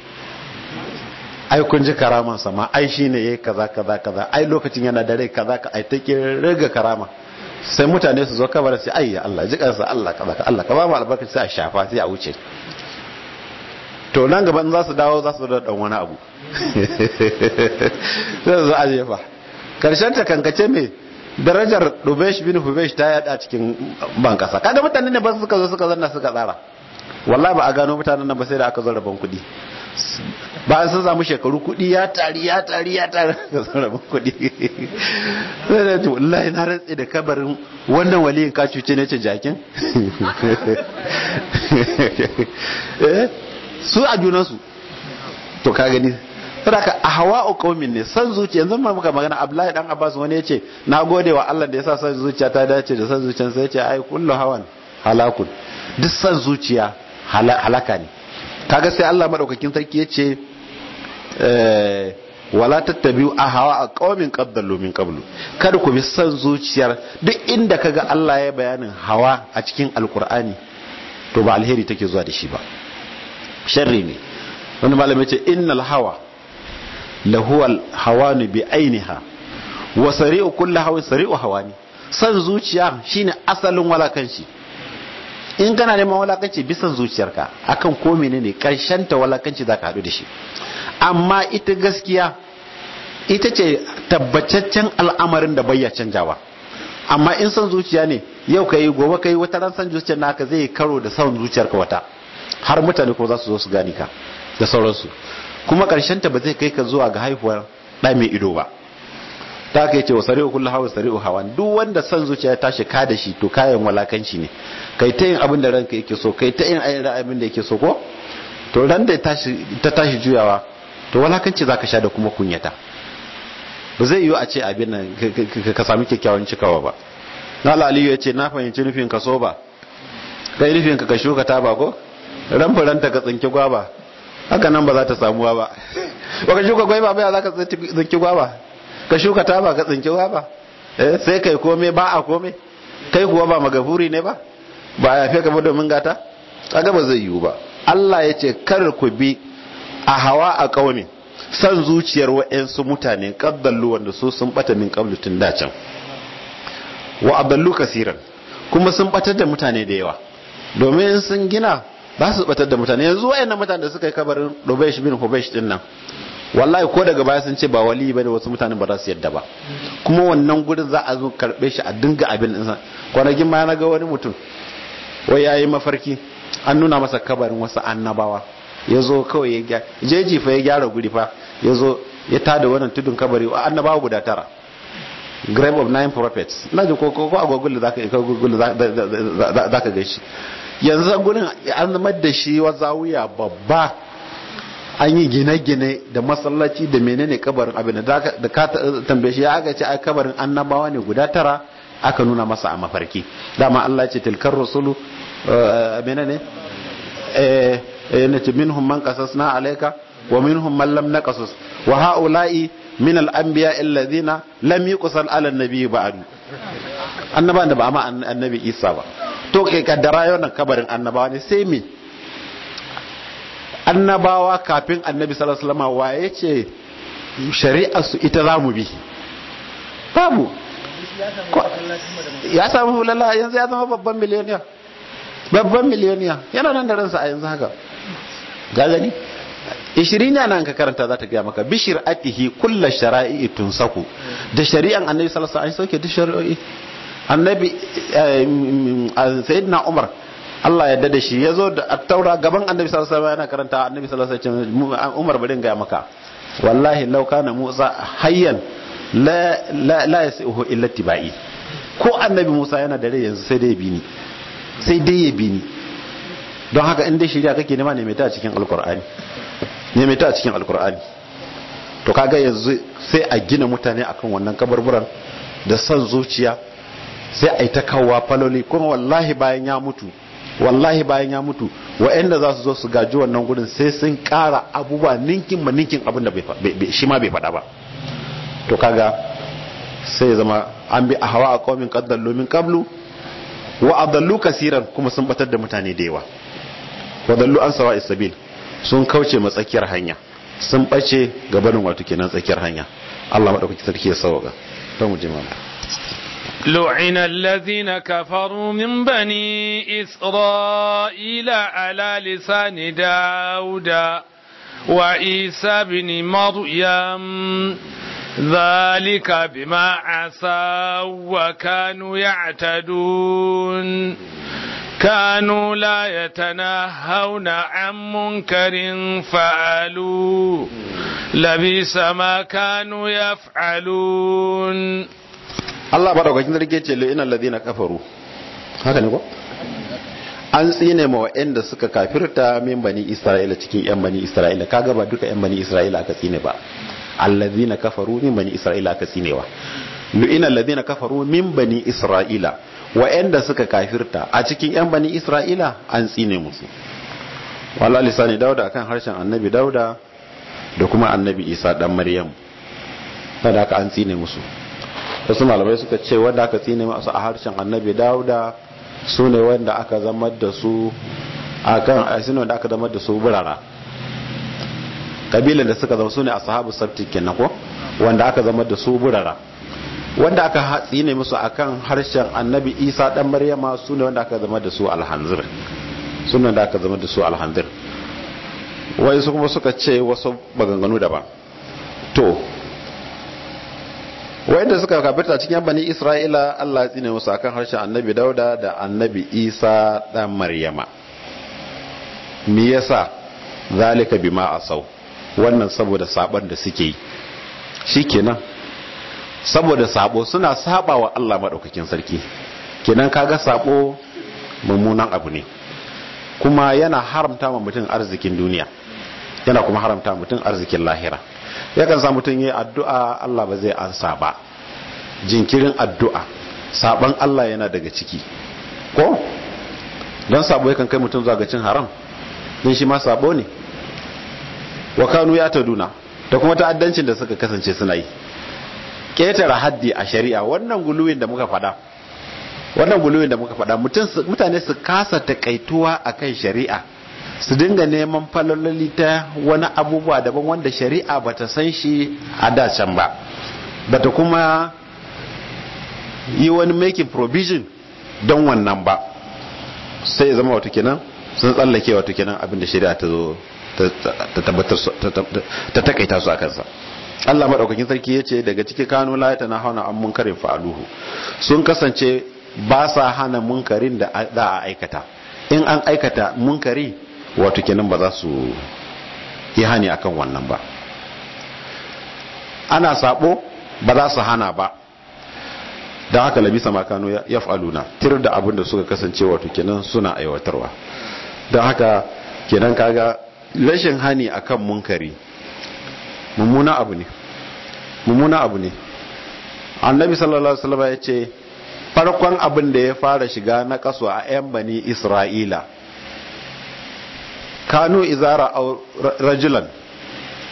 ai kun ji karaman sama ai shi ne yayi kaza kaza kaza ai lokacin yana dare kaza ka ai ta riga karama sai mutane su zo kabarin sai ayya Allah ji kansa Allah kaza ka Allah ka ba mu albarka sai a shafa sai a wuce to nan gaban za su dawo za su da dan wani abu sai su aje fa karshen ta kankace me darajar Dubesh bin Hubesh ta yada cikin ban kasa kada mutane ne ba su suka zo suka zanna suka tsara wallahi ba a gano mutanen nan ba sai da aka zo rabon kuɗi bayan sun samu shekaru kudi ya tari ya tari ya tari ga sarrafin kudi sai da wallahi na rantsi da kabarin wannan waliyin ka cuce ne jakin eh, su a junansu to ka gani saboda a hawa komin ne san zuciya yanzu ma muka magana Abdullahi dan Abbas wani ya ce na gode wa Allah da sa san zuciya ta dace da san zuciya sai ce ai kullu hawan halakun duk san zuciya halaka ne ga sai Allah madaukakin sarki yace eh wala a hawa a qad dallu min qablu kada ku bi san zuciyar duk inda ka ga Allah ya bayanin hawa a cikin alqur'ani to ba alheri take zuwa da shi ba sharri ne wani ce yace innal hawa lahu al hawanu bi ainiha wa sari'u kullu hawa sari'u hawani san zuciya shine asalin walakanci in kana neman walakanci bisan zuciyarka akan ko menene karshen ta walakanci zaka hadu da shi amma ita gaskiya ita ce tabbataccen al'amarin da bayya canjawa amma in san zuciya ne yau kai gobe kai wata ran san zuciyar naka zai karo da san zuciyarka wata har mutane ko za su zo su gani ka da sauransu kuma karshen ta ba zai kai ka zuwa ga haihuwar da mai ido ba ta kai ce wa sari'u kullu hawa sari'u hawan duk wanda san zuciya ta shi ka da shi to kayan walakanci ne kai ta yin abin da ranka yake so kai ta yin ayin abin da yake so ko to ran da ta tashi juyawa to walakanci zaka sha da kuma kunyata ba zai yiwu a ce abin nan ka sami kyakkyawan cikawa ba na aliyu ya ce na fahimci nufin ka so ba kai nufin ka ka shuka ta ba ko ran ta ka tsinki gwaba haka nan ba za ta samuwa ba ba ka shuka gwaiba ba za ka tsinki gwaba ka shuka ta ba ka tsinki gwaba eh, sai kai kome ba a kome kai kuwa ba magafuri ne ba ba a yafe kamar domin gata A gaba zai yiwu ba Allah ya ce kar ku bi a hawa a kaumin san zuciyar wa'yansu mutane kaddallu wanda su sun bata min kablu tun dacan wa abdallu kasiran kuma sun batar da mutane da yawa domin sun gina ba su batar da mutane yanzu wa'yan mutane da suka yi kabarin Rubaysh bin hobesh din nan wallahi ko daga baya sun ce ba wali da wasu mutane ba za su yadda ba kuma wannan gudun za a zo karbe shi a dinga abin din kwanakin ma na ga wani mutum wai yayi mafarki an nuna masa kabarin wasu annabawa ya zo kawai ya jeji fa ya gyara guri fa ya zo ya tada wannan tudun kabari wa annabawa guda tara grave of nine prophets na ji ko a google za ka google za ka gaishe yanzu gurin an zama da shi wa zawiya babba an yi gine-gine da masallaci da menene kabarin abin da ka tambaye shi ya aka ce kabarin annabawa ne guda tara aka nuna masa a mafarki dama Allah ce tilkar rasulu eh, menene eh, eh ce minhum man qasasna alayka wa minhum man lam naqasus wa haula'i min al-anbiya alladhina lam yuqsal ala an-nabi ba'd annabawan da ba ma annabi Isa ba to kai kaddara yau nan kabarin annabawa ne sai mi annabawa kafin annabi sallallahu alaihi wasallam waye ce shari'a su ita zamu bi babu ya samu hulala yanzu ya zama babban miliyoniya babban miliyoniya yana nan da ransa a yanzu haka ga gani ishirin yana nan ka karanta za ta gaya maka bishir atihi kulla shara'i tun saku da shari'an annabi sallallahu alaihi wasallam sauke duk shari'o'i annabi eh, mm, mm, sayyidina umar Allah ya dade shi ya zo da taura gaban annabi sallallahu alaihi wasallam yana karanta annabi sallallahu alaihi wasallam umar bari gaya maka wallahi law kana musa hayyan la la la illa tibai ko annabi Musa yana da rai yanzu sai dai bi ni sai dai ya bi ni don haka in dai shari'a kake nema ne mai ta cikin alkur'ani ne mai ta cikin alkur'ani to kaga yanzu sai a gina mutane akan wannan kaburburan da san zuciya sai a yi ta kawwa faloli kuma wallahi bayan ya mutu wallahi bayan ya mutu wa'anda za su zo su gaji wannan gudun sai sun kara abubuwa ninkin ma ninkin abin da shi ma bai faɗa ba to kaga sai ya zama an bi a hawa a qaumin qad dallu min kablu wa adallu kasiran kuma sun batar da mutane da yawa wa dallu an sawa isabil sun kauce ma tsakiyar hanya sun bace gabanin wato kenan tsakiyar hanya Allah madaukaki sarki ya sauka ta mu jima لعن الذين كفروا من بني إسرائيل على لسان داود وإيسى بن مريم ذلك بما عصوا وكانوا يعتدون كانوا لا يتناهون عن منكر فعلوا لبيس ما كانوا يفعلون الله بارك فيك يجي لئن الذين كفروا haka ne an tsine ma wa'anda suka kafirta min bani isra'ila cikin yan bani isra'ila kaga ba duka yan bani isra'ila aka tsine ba allazina kafaru min bani isra'ila aka tsinewa ina allazina kafaru min bani isra'ila inda suka kafirta a cikin yan bani isra'ila an tsine musu wala lisani dauda akan harshen annabi dauda da kuma annabi isa dan maryam kada ka an tsine musu wasu malamai suka ce wanda aka tsine musu a harshen annabi dauda su ne wanda aka zama da su akan asino da aka zama da su burara kabilan da suka zama sune sahabu sabti kenan ko wanda aka zama da su burara wanda aka hatsi ne musu akan harshen annabi isa dan maryama sune wanda aka zama da su alhanzir ne da aka zama da su alhanzir wai su kuma suka ce wasu maganganu daban to wayanda suka kafirta cikin bani isra'ila Allah ya tsine musu akan harshen annabi dauda da annabi isa dan maryama me yasa zalika bima asau wannan saboda sabon da suke yi shi shikenan saboda sabo suna saba wa Allah maɗaukakin sarki kenan kaga sabo mummunan abu ne kuma yana haramta ma mutum arzikin duniya yana kuma haramta mutum arzikin lahira ya kan sa mutum yi addu'a Allah ba zai ansa ba jinkirin addu'a saɓan Allah yana daga ciki ko don sabo yakan kai mutum zuwa ga cin haram don shi ma sabo ne wa kanu ya taduna da kuma ta'addancin da suka kasance suna yi ƙetare haddi a shari'a wannan guluwin da muka fada wannan guluwin da muka fada mutane su kasa takaituwa akan shari'a su dinga neman falololi ta wani abubuwa daban wanda shari'a bata san shi a dacan ba ta kuma yi wani making provision don wannan ba sai zama wata kenan sun tsallake wata kenan abinda shari'a ta zo ta takaita su a kansa Allah maɗaukakin sarki ya ce daga ciki kanu la ta na hana an munkarin fa'aluhu sun kasance ba sa hana munkarin da a aikata in an aikata munkari wato kenan ba za su yi hani a kan wannan ba ana saɓo ba za su hana ba Don haka labisa makano ya faluna tir da abin da suka kasance wato kenan suna aiwatarwa Don haka kenan kaga rashin hani akan munkari mummuna abu ne mummuna abu ne annabi sallallahu alaihi wasallam ya ce farkon abin da ya fara shiga na kaso a yan bani isra'ila kanu izara rajulan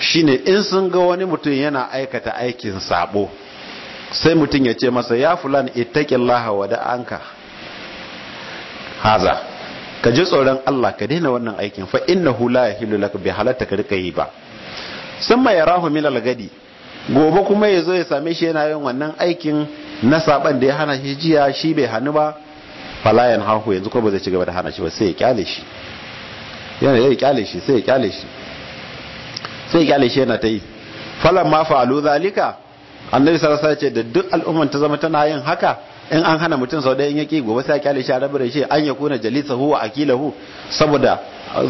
shine in sun ga wani mutum yana aikata aikin sabo sai mutum ya ce masa ya fulan ittaqillaha wa da'anka haza ka ji tsoron Allah ka daina wannan aikin fa hu la yahilu laka bi halatta ka rika yi ba summa yarahu min al-gadi gobe kuma yazo ya same shi yana yin wannan aikin na saban da ya hana shi jiya shi bai hannu ba falayan hahu yanzu ko ba zai ci gaba da hana shi ba sai ya kyale shi yana ya kyale shi sai ya kyale shi sai ya kyale shi yana ta yi falan ma fa'alu zalika annabi sallallahu alaihi wasallam ce da duk al'umman ta zama tana yin haka in an hana mutum sau ɗaya in yaki gobe sai kyale shi rabu da shi an ya kuna jalisa huwa hu saboda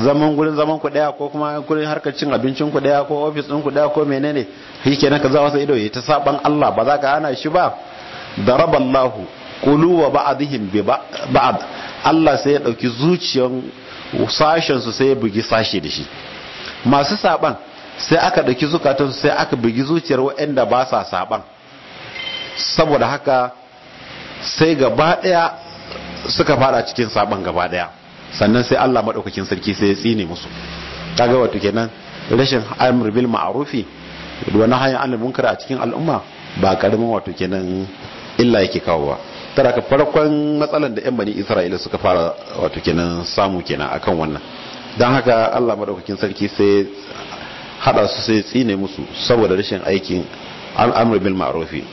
zaman gurin zaman ku daya ko kuma gurin harkar cin abincin ku daya ko ofis ɗin ku daya ko menene shi ke ka za wasu ido ya ta saban Allah ba za ka hana shi ba daraballahu quluwa ba'dihim bi ba'ad Allah sai ya dauki zuciyan sashensu sai ya bugi sashe da shi masu saban sai aka dauki zukatansu sai aka bugi zuciyar waɗanda ba sa saban saboda haka sai gaba daya suka fada cikin saban gaba daya sannan sai Allah madaukakin sarki sai ya tsine musu kaga wato kenan rashin amr bil ma'rufi wani hanyar an munkar a cikin al'umma ba karamin wato kenan illa yake kawo ba tara ka farkon matsalan da yan bani isra'ila suka fara wato kenan samu kenan akan wannan dan haka allah maɗaukakin sarki sai hada su sai tsine musu saboda rashin aikin al'amr bil ma'rufi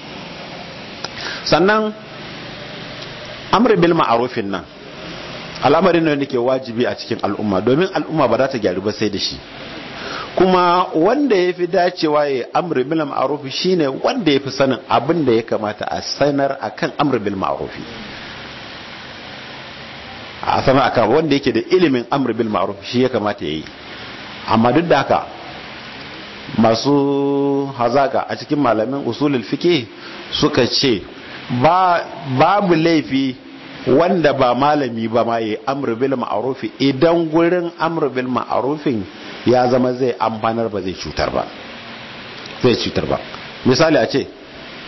sannan amr bil ma'arufin nan al'amarin nan ke wajibi a cikin al'umma domin al'umma ba za ta gyaru ba sai da shi kuma wanda ya fi dacewa ya amr bil ma'ruf shine wanda ya fi sanin abin da ya kamata a sanar akan amr bil ma'ruf a sanar akan wanda yake da ilimin amr bil ma'ruf shi ya kamata ya yi amma duk da haka masu hazaka a cikin malamin usulul fiqh suka ce ba babu laifi wanda ba malami ba ma yi amru bil ma'rufi idan gurin amru bil ma'rufin ya zama zai amfanar ba zai cutar ba zai cutar ba misali a ce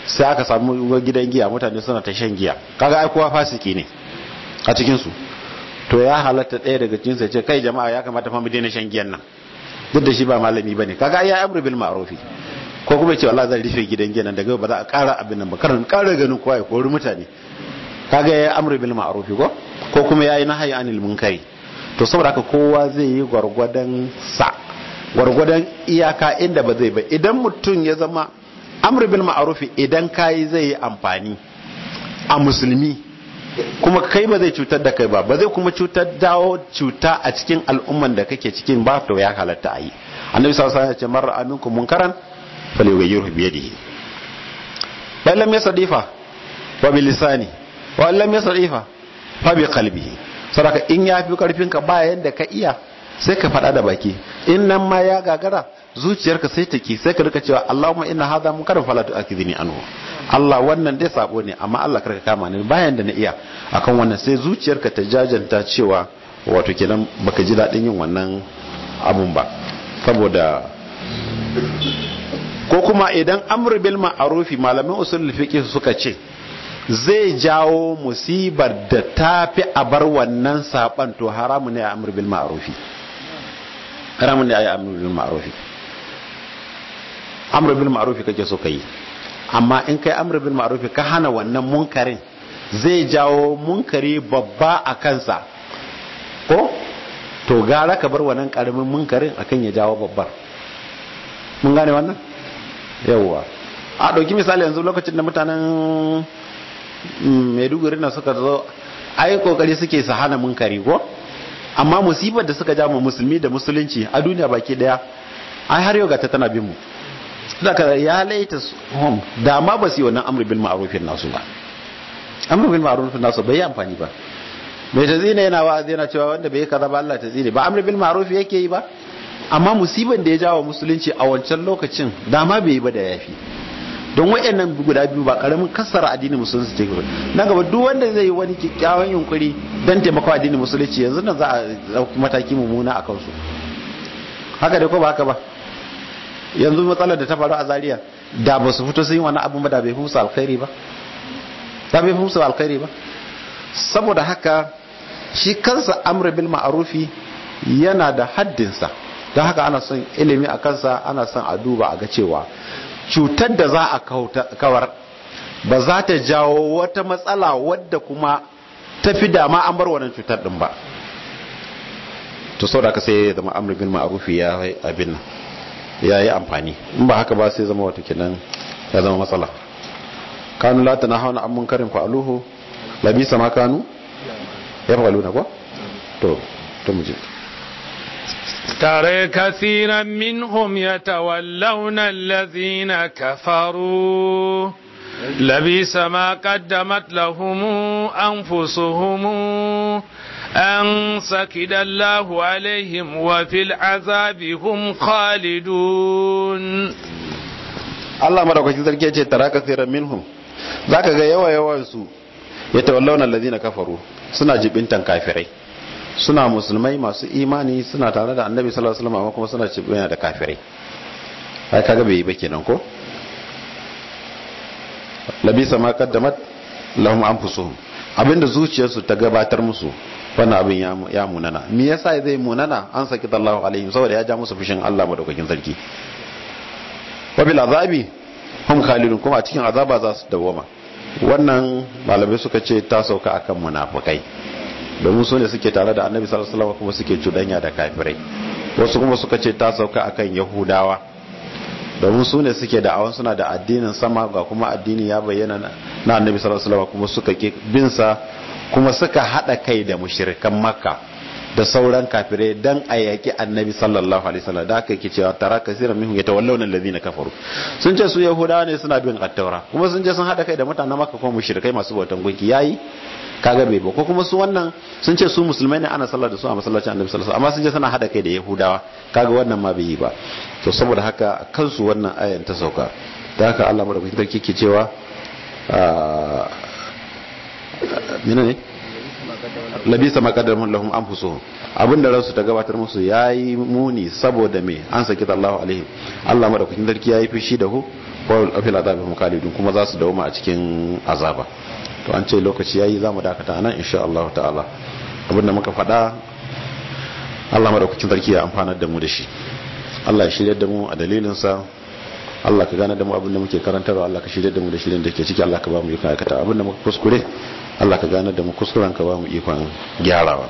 sai aka samu gidan giya mutane suna ta shan giya kaga ai kowa fasiki ne a cikin su to ya halatta ɗaya daga cikin sai ce kai jama'a ya kamata fa mu daina shan giyan nan duk da shi ba malami bane kaga ya amru bil ma'rufi ko kuma ce wallahi zan rufe gidan giyan nan daga ba za a ƙara abin nan ba karin ƙara ganin kowa ya kori mutane kaga yayi amru bil ma'arufi ko ko kuma yayi nahyi anil munkari to saboda haka kowa zai yi gwargwadon sa gwargwadon iyaka inda ba zai ba idan mutum ya zama amru bil ma'ruf idan kayi zai yi amfani a musulmi kuma kai ba zai cutar da kai ba ba zai kuma cutar dawo cuta a cikin al'umman da kake cikin ba to ya halatta ayi annabi sallallahu alaihi wasallam ya ce marra aminkum munkaran falyughayyirhu bi yadihi fa wa bilisani wa lam yasrifa fa bi qalbihi saboda in ya fi karfin ka ba yanda ka iya sai ka faɗa da baki in nan ma ya gagara zuciyarka sai ta ki sai ka rika cewa Allahumma inna hadha munkarun fala tu'akhidhni anhu Allah wannan dai sabo ne amma Allah karka kama ni bayan da na iya akan wannan sai zuciyarka ta jajanta cewa wato kenan baka ji daɗin yin wannan abun ba saboda ko kuma idan amr bil ma'ruf malamin usul fiqh suka ce zai jawo musibar da ta fi a bar wannan saban to haramu ne a amur bil ma'arufi haramu ne a yi amur bil ma'arufi amur bil ma'arufi kake so ka yi amma in kai amur bil ma'arufi ka hana wannan munkarin zai jawo munkari babba a kansa ko to gara ka bar wannan karamin munkarin akan ya jawo babbar mun gane wannan yawwa a ɗauki misali yanzu lokacin da mutanen maiduguri na suka zo yi kokari suke su hana munkari ko amma musibar da suka jama musulmi da musulunci a duniya baki daya ai har yau gata ta tana bin mu daga ya laita hom da ma ba su yi wannan amr bil ma'rufin nasu ba amr bil ma'rufin nasu bai yi amfani ba mai ta zina yana wa zina cewa wanda bai kaza ba Allah ta zine ba amr bil ma'ruf yake yi ba amma musiban da ya jawo musulunci a wancan lokacin da ma bai yi ba da yafi don wayannan guda biyu ba karamin kasar addinin musulunci ce ba nan gaba duk wanda zai yi wani kyakkyawan yunkuri don taimakawa addinin musulunci yanzu nan za a dauki mataki mummuna a kansu haka da ko haka ba yanzu matsalar da ta faru a Zariya da ba su fito sun yi wani abin ba da bai fi alkhairi ba da bai alkhairi ba saboda haka shi kansa amr bil ma'rufi yana da haddinsa don haka ana son ilimi a kansa ana son a duba a ga cewa cutar da za a kawar ba za ta jawo wata matsala wadda kuma ta fi dama an bar wannan cutar din ba to sau da ka sai ya zama amur bin ma'arufi ya abin ya yi amfani in ba haka ba sai zama wata kinan ya zama matsala kanu lati na hauna an karin fa'aluhu labisa ma kanu ya fa'alu na kwa to to mu ترى كثيرا منهم يتولون الذين كفروا لبيس ما قدمت لهم أنفسهم أن سكد الله عليهم وفي العذاب هم خالدون Allah madaukakin sarki ya ce taraka siran minhum zaka ga yawa yawan ya tawallawna allazina kafaru suna jibintan kafirai suna musulmai masu imani suna tare da annabi sallallahu alaihi wasallam kuma suna cibiya da kafirai ai kaga bai yi ba kenan ko nabi sama kaddamat lahum anfusuhum abinda zuciyarsu ta gabatar musu wannan abin ya munana me yasa zai munana an saki alaihi alaihim saboda ya ja musu fushin Allah madaukakin sarki wabil azabi hum khalidun kuma a cikin azaba za su dawoma wannan malamai suka ce ta sauka akan munafikai domin su ne suke tare da annabi sallallahu alaihi wasallam kuma suke cudanya da kafirai wasu kuma suka ce ta sauka akan yahudawa domin su ne suke da awon suna da addinin sama ga kuma addini ya bayyana na annabi sallallahu alaihi wasallam kuma suka ke bin sa kuma suka hada kai da mushrikan makka da sauran kafirai dan a annabi sallallahu alaihi wasallam da aka ke cewa tara kasiran minhum yatawallawna alladhina kafaru sun ce su yahudawa ne suna bin attaura kuma sun ce sun hada kai da mutanen makka kuma mushrikai masu bautan gunki yayi kaga bai ba ko kuma su wannan sun ce su musulmai ne ana sallah da su a masallacin annabi sallallahu alaihi amma sun ce suna hada kai da yahudawa kaga wannan ma bai yi ba to saboda haka kansu wannan ayan ta sauka da haka Allah madaukakin sarki ke cewa ah, mina ne labisa maqaddamun lahum anfusuhum abinda ransu ta gabatar musu yayi muni saboda me an saki Allahu alaihi Allah madaukakin sarki yayi fushi da ku wa fil azabi mukalidun kuma za su dawo a cikin azaba to an ce lokaci yayi za mu dakata nan insha Allah ta'ala abinda muka faɗa Allah madaukakin sarki ya amfana da mu da shi Allah ya shirya da mu a dalilin sa Allah ka gane da mu abinda muke karantarwa Allah ka shirya da mu da shirin da ke ciki Allah ka ba mu ikon aikata abinda muka kuskure Allah ka gane da mu kuskuren ka ba mu ikon gyarawa